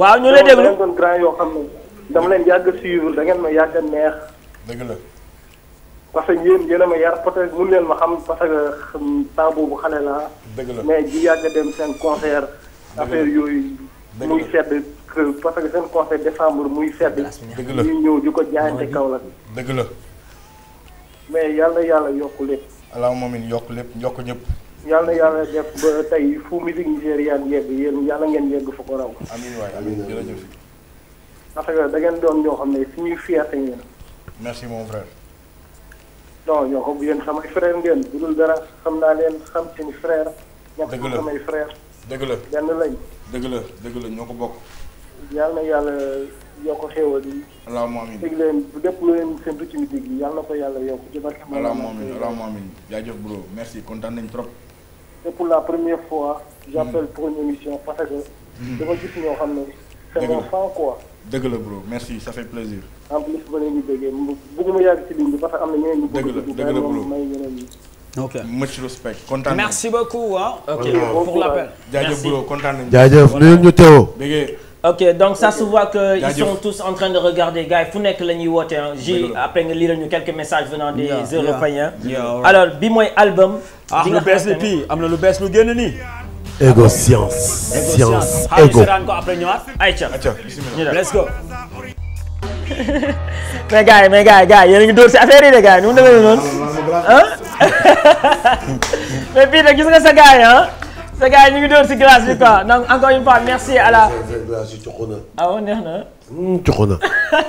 waaw ñu lay déglu dama doon grand yoo xam ne dama leen yàgg a suivre da ngeen ma yàgg a neex. dëgg la. parce que yéen yéen a ma yar peut-être mun leen ma xam parce que temps boobu xale laa. dëgg la mais ji yàgg a dem seen concert affaire yooyu. muy sedd. parce que seen conseil décembre muy sedd. dëgg la ñuy ñëw di ko jaayante kaw la. dëgg la. mais yàlla yàlla yokk lépp. moom moomin yokk lépp yokk ñëpp. yàlla yàlla def ba tey fu musique nigériane yegg yéen yàlla ngeen yegg fa ko raw. amiin waay amiin jërëjëf. parce que da doon ñoo xam ne suñuy fierté ngeen. merci mon frère. non ñoo ko yéen samay frère ngeen bu dul dara xam naa leen xam seen frère. dëgg la ñàkk samay frère. dëgg la benn lañ. dëgg la dëgg la ñoo ko bokk. yàlla na yàlla yokk xéewal yi. allahumma amiin dégg leen bu lépp lu leen séntu ci midi gi yàlla na ko yàlla yokk ci barke. allahumma amiin allahumma amiin jaajëf bro merci kontaan nañ trop. c'est pour la première fois. j'appelle mm. pour une émission parce que. Mm. dafa gis ñoo xam ne. c'est mon fan la bro merci ça fait plaisir. en plus ba leen di déggee bëgguma yàgg ci ligne bi parce m am la dëgg la bro may respect kontaan merci beaucoup ah. ok pour ok donc ça se que ils sont tous en train de regarder gars yi fu nekk la ñuy woote après nga liiral ñu quelques messages venant des européens. alors bi mooy album. ah lu bees la pii am na lu bees lu génn nii. ego science. science ego xaaral ko après ñëwaat. ayca let's go. mais gars a de gars yi nu mu demee noonu. ah mais bii de sa gars sa gars ni ñu ngi door si glace bi une fois merci à la. glace yi coxu na. ah waaw neex na. Hmm, coxu na.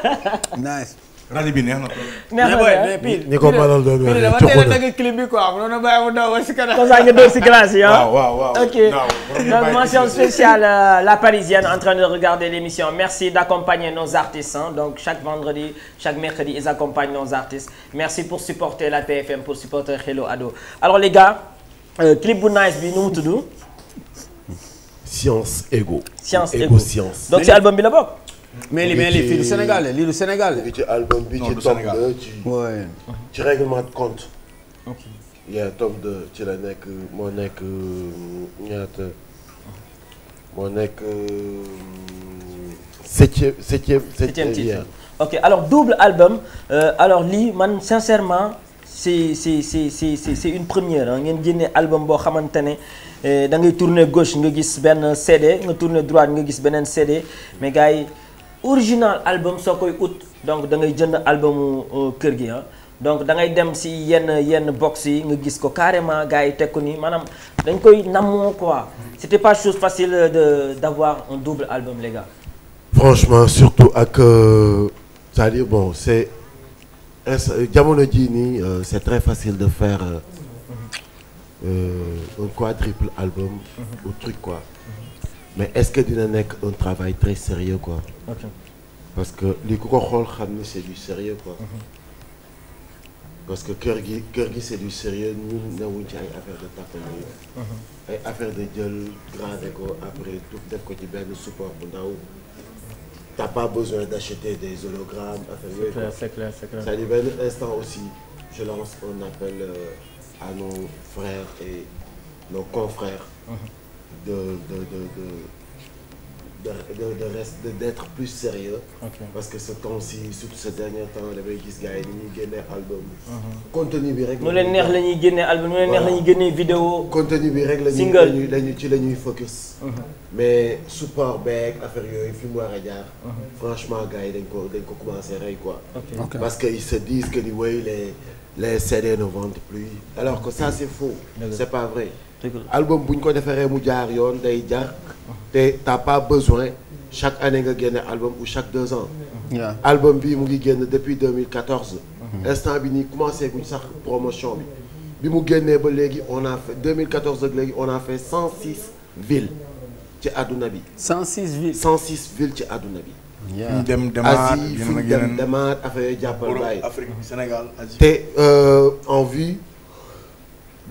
nice. rajo bi neex na. neex na mais pire ñi ko mënal doon wér. coxu na dama teel clip bi quoi mënoon na bàyyi mu daw ba si kanam. comme ça nga door si glace yi euh, la parisienne en train de regarder l'émission Ado alors les gars euh, clip nice bi nu mu tudd. science égo. science égo science. donc ci album bi la bokk. mais li mais li fii du Sénégal la lii Sénégal la. ci album bi ci tome 2 ci. ci règlement de compte. ok yaa tome 2 la nekk moo nekk euh, ñaata moo nekk. Euh, septième septième septième titre ok alors double album euh, alors lii man sincèrement c'est c'est c'est c'est c'est une première ah ngeen génne album boo xamante ne. Eh, da ngay tourner gauche nga gis benn CD nga tourner droite nga gis beneen CD mais gars yi original album soo koy ut donc da ngay jënd albumu euh, kër gi ah. donc da ngay dem si yenn yenn box yi nga gis ko carrément gars yi teg ko nii maanaam dañ koy namoo quoi c'était pas chose facile de d'avoir un double album les gars. franchement surtout ak euh, c'est-à-dire bon c'est euh, jamono ji nii euh, c'est très facile de faire. Euh, un quadruple album mhm. ou truc quoi mais est-ce que dina nekk un travail très sérieux quoi parce que li ku ko xool xam ni c'est du sérieux mhm. parce que kër gi kër gi c'est du sérieux ñun newuñ ci ay affaire de tapali mhm. ay affaire de jël gravé ko après tout def ko ci benn support bu ndaw t'as pas besoin d'acheter des hologrammes affaire yooyu c'est clair c'est clair instant aussi je lance appelle euh, à nos frères et nos confrères uh-huh. de de de de de reste d'être plus sérieux okay. parce que ce temps-ci surtout ce dernier temps dafay gis gars yi ni ñuy génnee album uh-huh. contenu bi rek nu leen neex la ñuy génnee album nu leen neex la ñuy génnee vidéo contenu bi rek lañu lañu ci la ñuy focus uh-huh. mais support beeg affaire yooyu fi mu war a jaar franchement gars yi dañ ko dañ ko commencé rey quoi okay. Okay. parce que ils se disent que ni woyu les les CD ne vendent plus alors que ça c'est faux c'est pas vrai album bu ñu ko defaree mu jaar yoon day jaar te ta pas besoin chaque année nga génne album ou chaque deux ans album bi mu ngi génn depuis 2014 mm-hmm. instant bi nii commencé guñ sax promotion bi bi mu génnee ba léegi on a fait 2014 ak léegi on a fait 106 ci àdduna bi 106 villes 106 villes ci àdduna bi ñu dem demaat fu ñu dem affaire yooyu jàppal bàyyi Afrique Sénégal te euh, en vue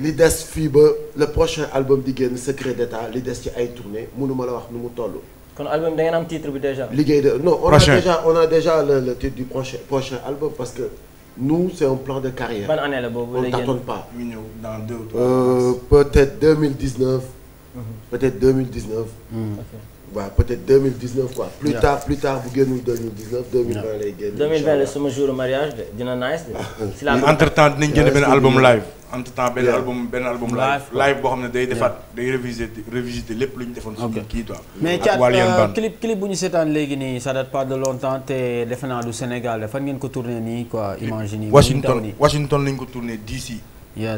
li des fii ba le prochain album di génn secret d'état li des ci ay tournée mënuma la wax nu mu toll. kon album da ngeen am titre bi déjà. liggéey de non on a déjà le le titre du prochain prochain album parce que nous c'est un plan de carrière. ban année la boobu ñëw dans deux ou trois euh, peut-être 2019. Mm -hmm. peut waaw peut-être 2019 quoi. plus yeah. tard plus tard bu génnul 2019 2020 lay génn. 2020 la sama jour de dina la entre album live. entre temps benn album benn album live. live boo xam ne day defaat day réviser révisiter lépp lu ñu defoon. ok kii quoi mais Thiat euh, clip clip bu ñu seetaan léegi nii ça date pas de longtemps te defe naa du Sénégal fan ngeen ko tourné nii quoi imagine yi. Washington Washington lañ ko tourné DC.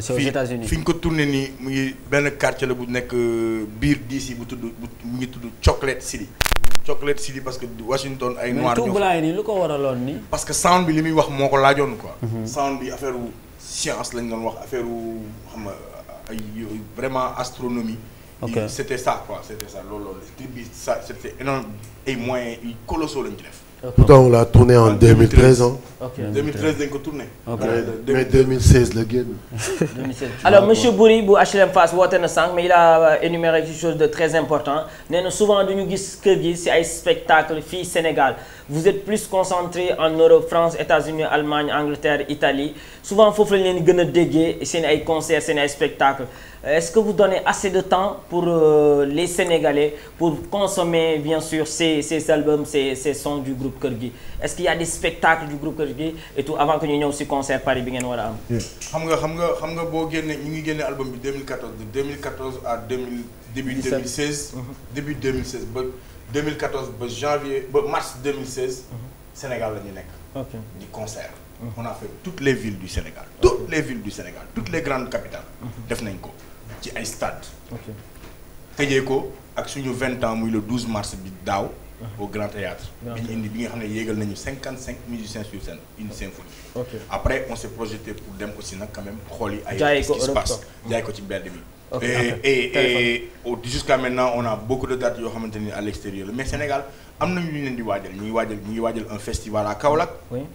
c'est aux États-Unis fi ñu ko tourné nii mu ngi benn quartier la bu nekk euh, biir DC bu tudd bu mu ngi tudd Chocolate City. Chocolate City parce que Washington ay. noir ñoo mais nii lu ko waraloon nii. parce que sound bi li muy wax moo ko laajoon quoi. Mhm. sound bi affaire science lañ doon wax affaire xam nga ay vraiment astronomie. ok c'était ça quoi c'était ça loolu loolu trip bi ça c'était énorme ay moyens yu colossaux lañ def. pourtant on l'a tourné en 2013 hein. ok 2013 dañ ko tourné. ok mais 2016 la génn. monsieur Boury bu HLM Fass woote na sànq mais il a euh, énuméré quelque chose de très important nee na souvent du ñu gis kër gi ci ay spectacle fii Sénégal vous êtes plus concentré en Europe France États-Unis Allemagne Angleterre Italie souvent foofu lañ leen gën a déggee seen ay concerts seen ay spectacles. Euh, est-ce que vous donnez assez de temps pour euh, les Sénégalais pour consommer bien sûr ces, ces albums, ces, ces du groupe Kër Gi est-ce qu'il y a des spectacles du groupe Kër Gi tout avant que ñu ñëw ci concert Paris bi ngeen war a am. xam nga xam nga xam nga boo génnee ñu ngi génne album bi 2014 de 2014 à 2000 début 2016. Mhm. début 2016 ba 2014 ba janvier ba mars mhm. Sénégal la ñu nekk. ok di concert. Mhm. on a toutes les villes du Sénégal. toutes les villes du Sénégal toutes les grandes capitales. def nañ ko. ci ay stade tëjee ko ak suñu vingt ans muy le 12 mars bi daaw uh-huh. au Grand Théâtre bi nga xam ne yéegal nañu cinquante cinq musiciens sur scène une symphonie après on s'est projeté pour dem aussi nag quand xool yi ay ce qui se passe jaay ko ci mbedd mi et jusqu'à on a beaucoup de dates yoo xamante ni à l'extérieur mais Sénégal am nañu ñu leen di waajal ñu ngi waajal ñu ngi waajal un festival à Kaolack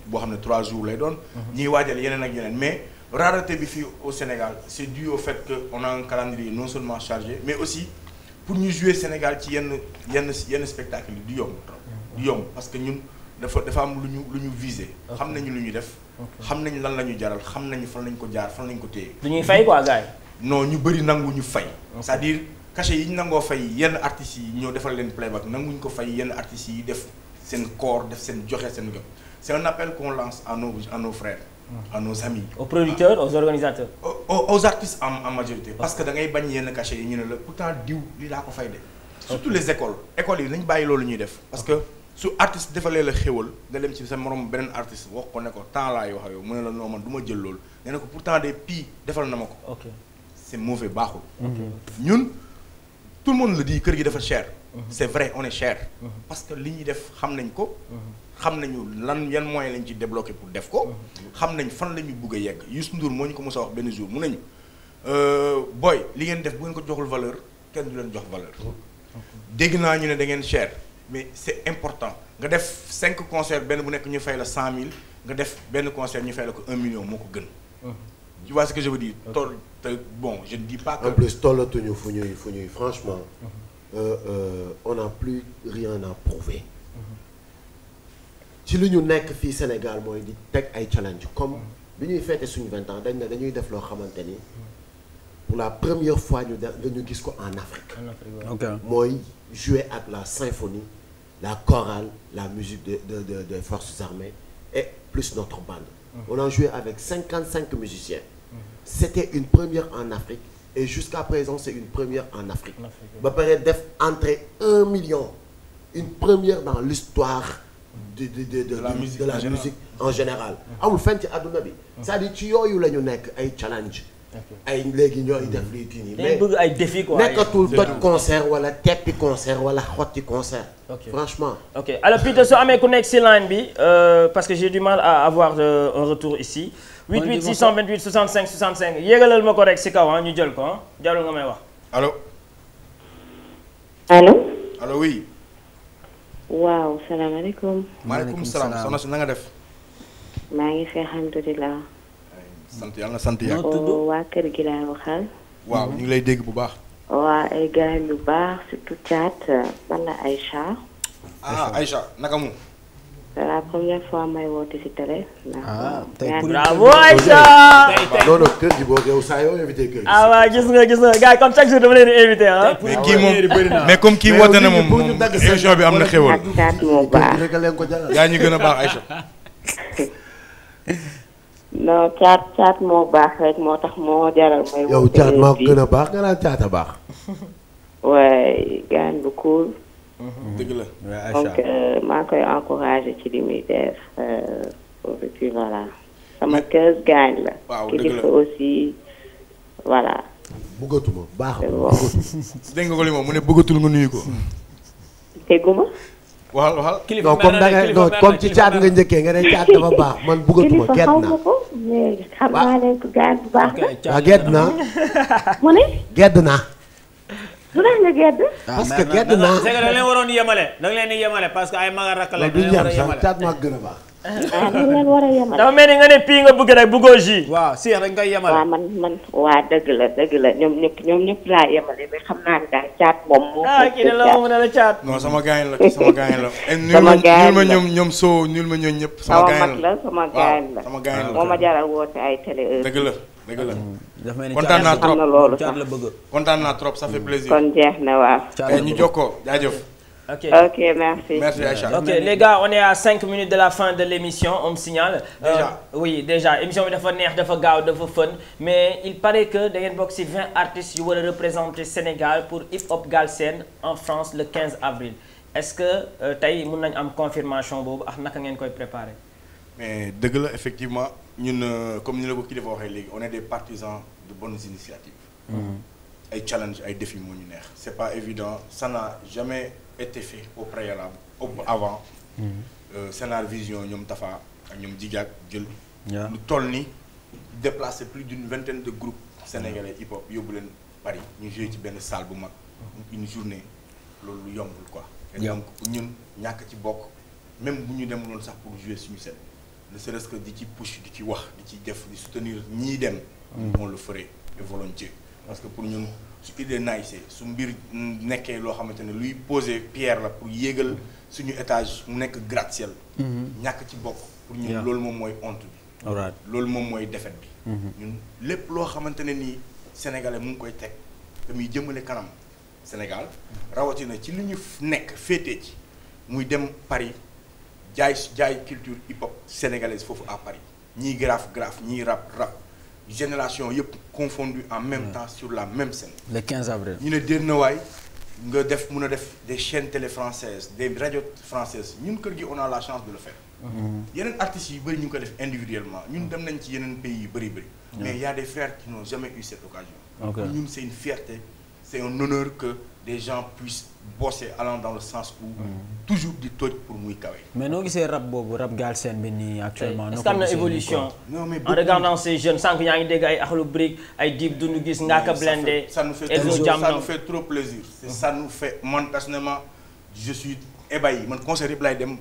boo xam ne trois jours lay doon uh-huh. ñuy waajal yeneen ak yeneen mais rareté bi fii au Sénégal c'est dû au fait que on a un calendrier non seulement chargé mais aussi pour ñu jouer Sénégal ci yenn yenn yenn spectacle yi du yomb du yomb parce que ñun dafa dafa am lu ñu lu ñu visé xam nañu lu ñu def xam nañu lan la ñu jaral xam nañu fan lañ ko jaar fan lañ ko téye du ñuy fay quoi gars yi non ñu bëri nangu ñu fay c'est-à-dire cachet yi ñu nangoo fay yenn artistes yi ñoo defal leen playback nanguñu ko fay yenn artistes yi def seen corps def seen joxe seen gëm c'est un appel qu'on lance à à nos amis. aux producteurs aux organisateurs. aux, aux artistes en majorité. parce que da ngay bañ yenn cachet yi ñu ne la pourtant diw li laa ko fay de. surtout les écoles écoles yi nañ bàyyi loolu ñuy def. parce que su artiste defalee la xéwal nga dem ci sa morom beneen artiste wax ko ne ko temps laay wax yow mu ne la non man du jël loolu nee na ko pourtant de pii defal na ma ko. ok c'est mauvais baaxul. ñun tout le monde le kër gi dafa cher. Mhm. c'est vrai on est cher. Mhm. parce que li ñuy def xam nañ ko. Mhm. xam nañu lan yan moyen lañ ci débloqué pour def ko xam nañ fan la ñu bugg a yegg Youssou Ndour moo ñu ko mos a wax benn jour mu nañu euh, booy li ngeen def bu ngeen ko joxul valeur kenn du leen jox valeur dégg naa ñu ne da ngeen cher mais c'est important nga def cinq concert benn bu nekk ñu fay la cent mille nga def benn concert ñu fay la ko un million moo ko gën tu vois que je veux toll te bon je ne dis pas que en plus tollatuñu fu ñuy fu ñuy franchement euh, euh, on n'a plus rien à prouver ci ñu nekk fii Sénégal mooy di teg ay challenge comme bi ñuy feete suñu vingt ans dañ ne dañuy def loo xamante ni pour la première fois ñu def ñu gis ko en Afrique. mooy jouer ak la symphonie la chorale la musique de de de des forces armées et plus notre bande. Mm. on a joué avec cinquante cinq musiciens. Mm. c'était une première en Afrique et jusqu'à présent c'est une première en Afrique. ba pare def entrer un million une première dans l'histoire de de de la musique de la musique en général. amul fenn ci àdduna bi. c'est-à-dire ci yooyu la ñu nekk ay challenge. ay léegi ñooy def lii kii nii. mais ay défi quoi nekkatul toj concert wala teppi concert wala xotti concert. franchement. ok alors Peter soo amee ku nekk si line bi euh, parce que j'ai du mal à avoir euh, un retour ici. 88 628 65 65 yéegalal ma ko rek si kaw ah, ñu jël ko ah jarul nga may wax. allo. allo. allo oui. waaw salaamaaleykum. maaleykum salaam soxna si na def. maa ngi fi alhamdulilah. sant yàlla na sant yàlla. Oh, waa kër gi laa waxal. waaw ñu ngi lay dégg bu baax. waa ay gars yu baax surtout Thiat man la Aïcha. ah Aïcha naka mu. c'est la première fois may woote ci télé. ah tey bravo Aïcha. non non kër gi boo yow saa yoo invité kër gi. ah waaw gis nga gis nga gars yi comme chaque jour dama leen di invité ah. mais kii moom mais comme kii woote na moom émission bi am na xéwal. yaa ñu gën a baax Aïcha. non caat caat moo baax rek moo tax moo jaral. may woote yow caat maa ko gën a baax nga naan caat a baax. waay Mm-hmm. dëgg la donc euh, maa koy encouragé ci li muy def euh, et puis voilà sama kees gaañ la. waaw dëgg la kilifa aussi voilà. bëggatuma baax euh, dégg nga ko li moom mu ne bëggatul nga nuyu ko. dégguma. waxal waxal kilifa non comme da nga non comme ci caat nga njëkkee nga ne caat dafa baax man bëggatuma gedd naa kilifa xaw ma ko mais xam naa leen ko gaañ bu baax la. waaw ah, gedd naa. mu ne. gedd naa. lu tax nga gedd. Ah, parce que gedd naa. c'est que leen waroon yemale da leen yemale parce que ay mag a rakk la. da ah, leen war a yemale taat a leen a yemale. dafa mel ni nga ne pii nga bëgg rek bëggoo ji. waaw si dañ koy yemale. waaw man man waa dëgg la dëgg la ñoom ñëpp ñoom ñëpp laa yemale mais xam naa ne daal caat moom ah, moom sama gaañ la sama gaañ la. sama gaañ la ma ñoom ñoom soo ñuul ma ay télé heure. dëgg la dëgg la. dafa mel ni kontaan naa trop am na loolu sax la bëgg kontaan naa trop ça fait hmm. plaisir. kon jeex na waaw. Eh, ñu jokkoo jaajëf. ok ok merci. merci Aïcha. ok les gars on est à 5 minutes de la fin de l'émission on me signale. Euh, déjà euh, oui déjà émission bi dafa neex dafa gaaw dafa fun. mais il paraît que da ngeen bokk ci 20 artistes yu war a représenter Sénégal pour hip hop Galsen en France le 15 avril est-ce que euh, tey mën nañ am confirmation boobu ak ah, naka ngeen koy préparer. mais dëgg la effectivement ñun euh, comme ni la ko kii dafa waxee léegi on est des partisans. de bonnes initiatives. Mm-hmm. ay challenge ay défis moo ñu neex. c'est pas évident ça n'a jamais été fait au préalable au avant. Mm-hmm. Euh, Sénar Vision ñoom Tafa ak ñoom Djigaak jël. lu toll ni déplacer plus d'une vingtaine de groupes sénégalais mm-hmm. hip hop yóbbu leen Paris ñu joué ci benn salle bu mag. une journée loolu lu yombul quoi. et donc ñun ñàkk ci bokk même bu ñu dem demuloon sax pour jouer suñu set ne serait-ce que di ci push di ci wax di ci def di soutenir ñii dem. on le ferait et volontiers parce que pour ñun su idée naayisee su mbir nekkee loo xamante ne luy poser pierre la pour yéegal suñu étage mu nekk gratte-ciel mm-hmm. ñàkk ci bokk pour ñun loolu moom mooy honte bi loolu moom mooy défaite bi mm-hmm. ñun lépp loo xamante ne nii sénégalais mu ngi koy teg te muy kanam Sénégal rawatina ci li ñu nekk féetee ci muy dem Paris jaay jaay culture hip hop foofu à Paris ñii graaf graaf ñii rap rap génération yëpp confondu en même temps sur la même scène. le 15 avril. ñu ne déet na waay nga def mun a def des chaînes télé françaises des radios françaises ñun kër gi on a la chance de le faire. Mhm. yeneen artistes yu bëri ñu ngi ko def individuellement ñun mhm. dem nañ ci yeneen pays yu bëri bëri. mais y a des frères qui n'ont jamais eu cette occasion. ñun c'est une fierté. c'est un honneur que des gens puissent bosser allant dans le sens où. Mm. toujours di toj pour muy kawe. mais noo gisee rab boobu rab Galsen bi nii actuellement. noo ko gisee est-ce que am na évolution. non mais en regardant ces jeunes sànq yaa ngi dégg ay Akhlou Brick ay Dip Doundou Guiss Ngaaka Blindé. ça nous fait ça nous fait trop plaisir. ça nous fait man personnellement je suis ébahi man concert yëpp laay dem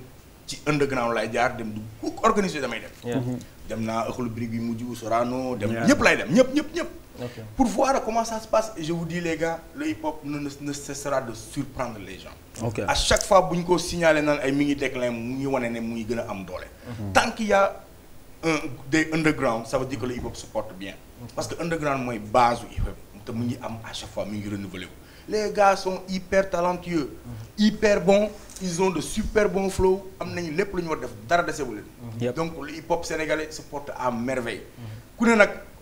ci underground laay jaar dem du ku organisé damay dem. dem naa Akhlou Brick bi mujj Sorano dem ñëpp laay dem ñëpp ñëpp ñëpp. Okay. Pour voir comment ça se passe, je vous dis les gars, le hip-hop ne, ne, ne de surprendre les gens. À chaque fois bu ñu ko signalé naan ay mi ngi déclin mu ngi wane ne mu ngi gën a am doole. Mhm. Tant qu'il a un des underground, ça veut dire que le hip-hop se bien. Parce que underground mooy base u hip-hop te mu ngi am à chaque fois mu ngi renouvelé wu. Les gars sont hyper talentueux, mhm. hyper bons, ils ont de super bons flow, am nañu lépp lu ñu war def dara desewu leen. Donc le hip-hop sénégalais se porte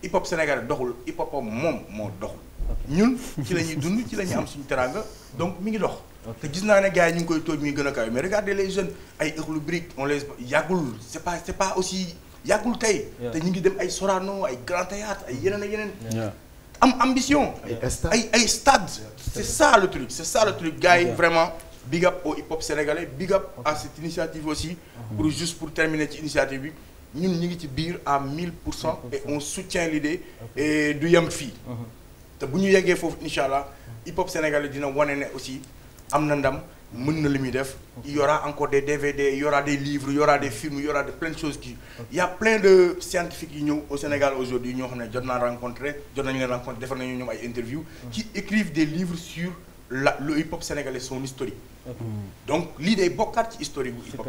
hip hop Sénégal doxul hip hop moom moo doxul. ñun ci la ñuy dund ci la ñuy am suñu teraanga donc mi ngi dox. te gis naa ne gars ñu ngi koy tooj muy gën a kaw mais regardez les jeunes ay Euclou Brick on les yàggul c' est pas c' est pas aussi yàggul tey. te ñu ngi dem ay Sorano ay Grand Théâtre ay yeneen ak yeneen. am ambition. ay ay stade c' est ça le truc c' ça le truc gars yi vraiment. big up au hip hop sénégalais big up à cette initiative aussi. Uh-huh. pour juste ci initiative bi. ñun ñu ngi ci biir à 1000 pour cent et on soutient l'idée et du yem fii mhm. te bu ñu yeggee foofu incha allah hip hop sénégalais dina wane ne aussi am na ndam mën na li muy def il y aura encore des DVD il y aura des livres il y aura des films il y aura de plein de choses qui il y de scientifiques yu ñëw au Sénégal aujourd'hui ñoo xam ne jot naa rencontré jot nañu leen rencontré defar nañu ñoom ay interview qui écrivent des livres sur la le hip hop sénégalais son historique donc lii day bokkaat ci historique bu hip hop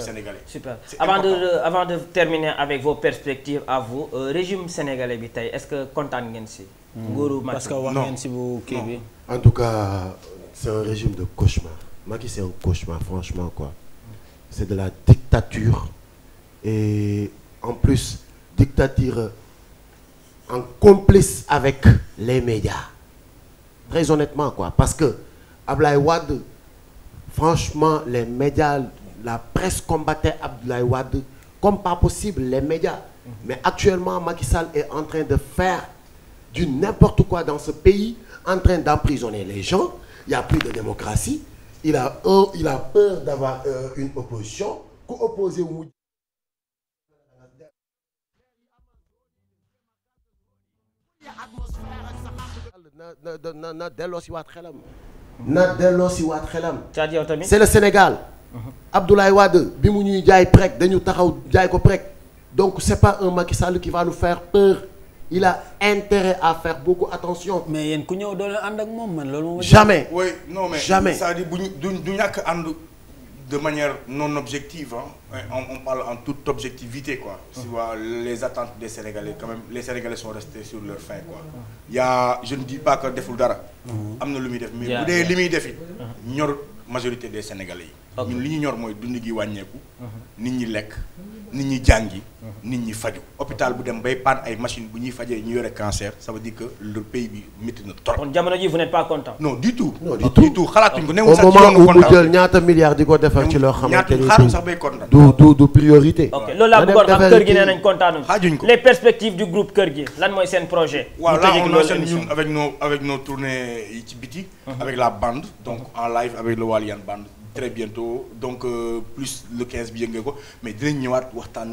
de avant de terminer avec vos perspectives à vous euh, régime sénégalais bi tey est-ce que kontaan ngeen si. Hmm. nguuru Macky parce que bu kii en tout cas c'est un régime de cauchemar Macky c'est un cauchemar franchement quoi c'est de la dictature et en plus dictature en complice avec les médias très honnêtement quoi parce que Ablaye Wade. franchement les médias la presse combattait Abdoulaye Wade comme pas possible les médias mais actuellement Macky Sall est en train de faire du n'importe quoi dans ce pays en train d'emprisonner les gens il n'y a plus de démocratie il a un il peur d'avoir euh, une opposition ku opposé na delloo si waat xelam. Thiat yow tamit c'est le Sénégal. Uh-huh. Abdoulaye Wade bi mu ñuy jaay prek dañu taxaw jaay ko prek donc c'est pas un Macky Sall qui va nous faire peur il a intérêt à faire beaucoup attention. mais yéen ku ñëw doo leen ànd ak moom man loolu. jamais oui jamais bu ñu du ñàkk ànd. de manière non objective, hein, on, on, parle en toute objectivité, quoi. Tu mm. vois, les attentes des Sénégalais, quand même, les Sénégalais sont restés sur leur faim, quoi. Il y a, je ne dis pas que Defoul Dara, mm. Amna Lumi Def, mais vous avez Lumi Def, mm. majorité des Sénégalais. ñun li ñu ñor mooy dund gi wàññeeku. Uh-huh. nit ñi lekk nit ñi jàngi. nit ñi faju hôpital bu dem bay paan ay machine bu ñuy fajee ñu yore cancer ça veut dire que le pays bi métti na trop. jamono ji vous n'êtes pas content. non du tout. non du tout du tout xalaatuñ ko newul sax ci yoonu di ko defar ci loo xamante ni xaaru sax bay kontaan. du du du priorité. ok loolu laa bëggoon xam kër gi nee nañ xaajuñ ko les perspectives du groupe kër gi lan mooy seen projet. ñu tëjee loolu émission ñun avec nos avec nos tournées yi ci biti. Uh-huh. avec la bande donc uh-huh. en live avec le Walian bande très bientôt donc euh, plus le 15 bi yëngee ko mais dinañ ñëwaat waxtaan.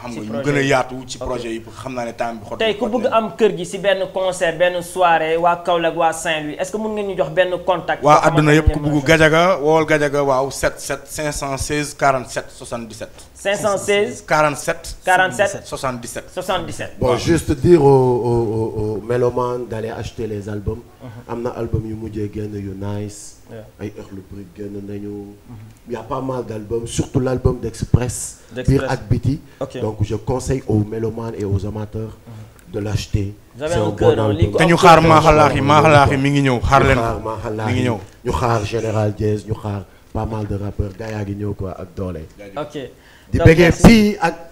xam nga ñu gën a yaatu ci projet yi xam naa ne temps bi. tey ku bëgg am kër gi si benn concert benn soirée waa Kaolack waa Saint-Louis est-ce que mën ñu jox benn contact. waa àdduna yëpp ku bëgg Gajaga wool Gajaga waaw 77 516 47 77. 516 47. 47 77 77. bon juste dire aux aux aux mélomanes d'aller acheter les albums. Uh-huh. am na album yu mujjee génn yu nice. ay heure lu bëri génn nañu. Mm-hmm. y' a pas mal d' albums surtout l' album d' Express. d' Express biir ak biti. donc je conseille aux mélomanes et aux amateurs. Mm-hmm. de l'acheter. c'est un bon album te ñu xaar maaxalaax yi maaxalaax yi mi ngi ñëw xaar leen ko mi ngi ñëw. ñu xaar Général Diaz ñu xaar pas mal de rappeurs gars yaa ngi ñëw quoi ak doole. ok di bëggee fii ak.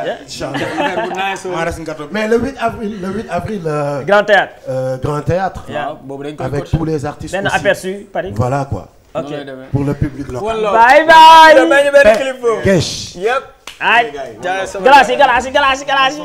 mais le 8 avril le 8 avril. Euh, grand théâtre. Euh, ah, avec tous les artistes. aussi aperçu Paris. voilà quoi. pour le public local. bye bye. Kesh. yëpp. ay galaasi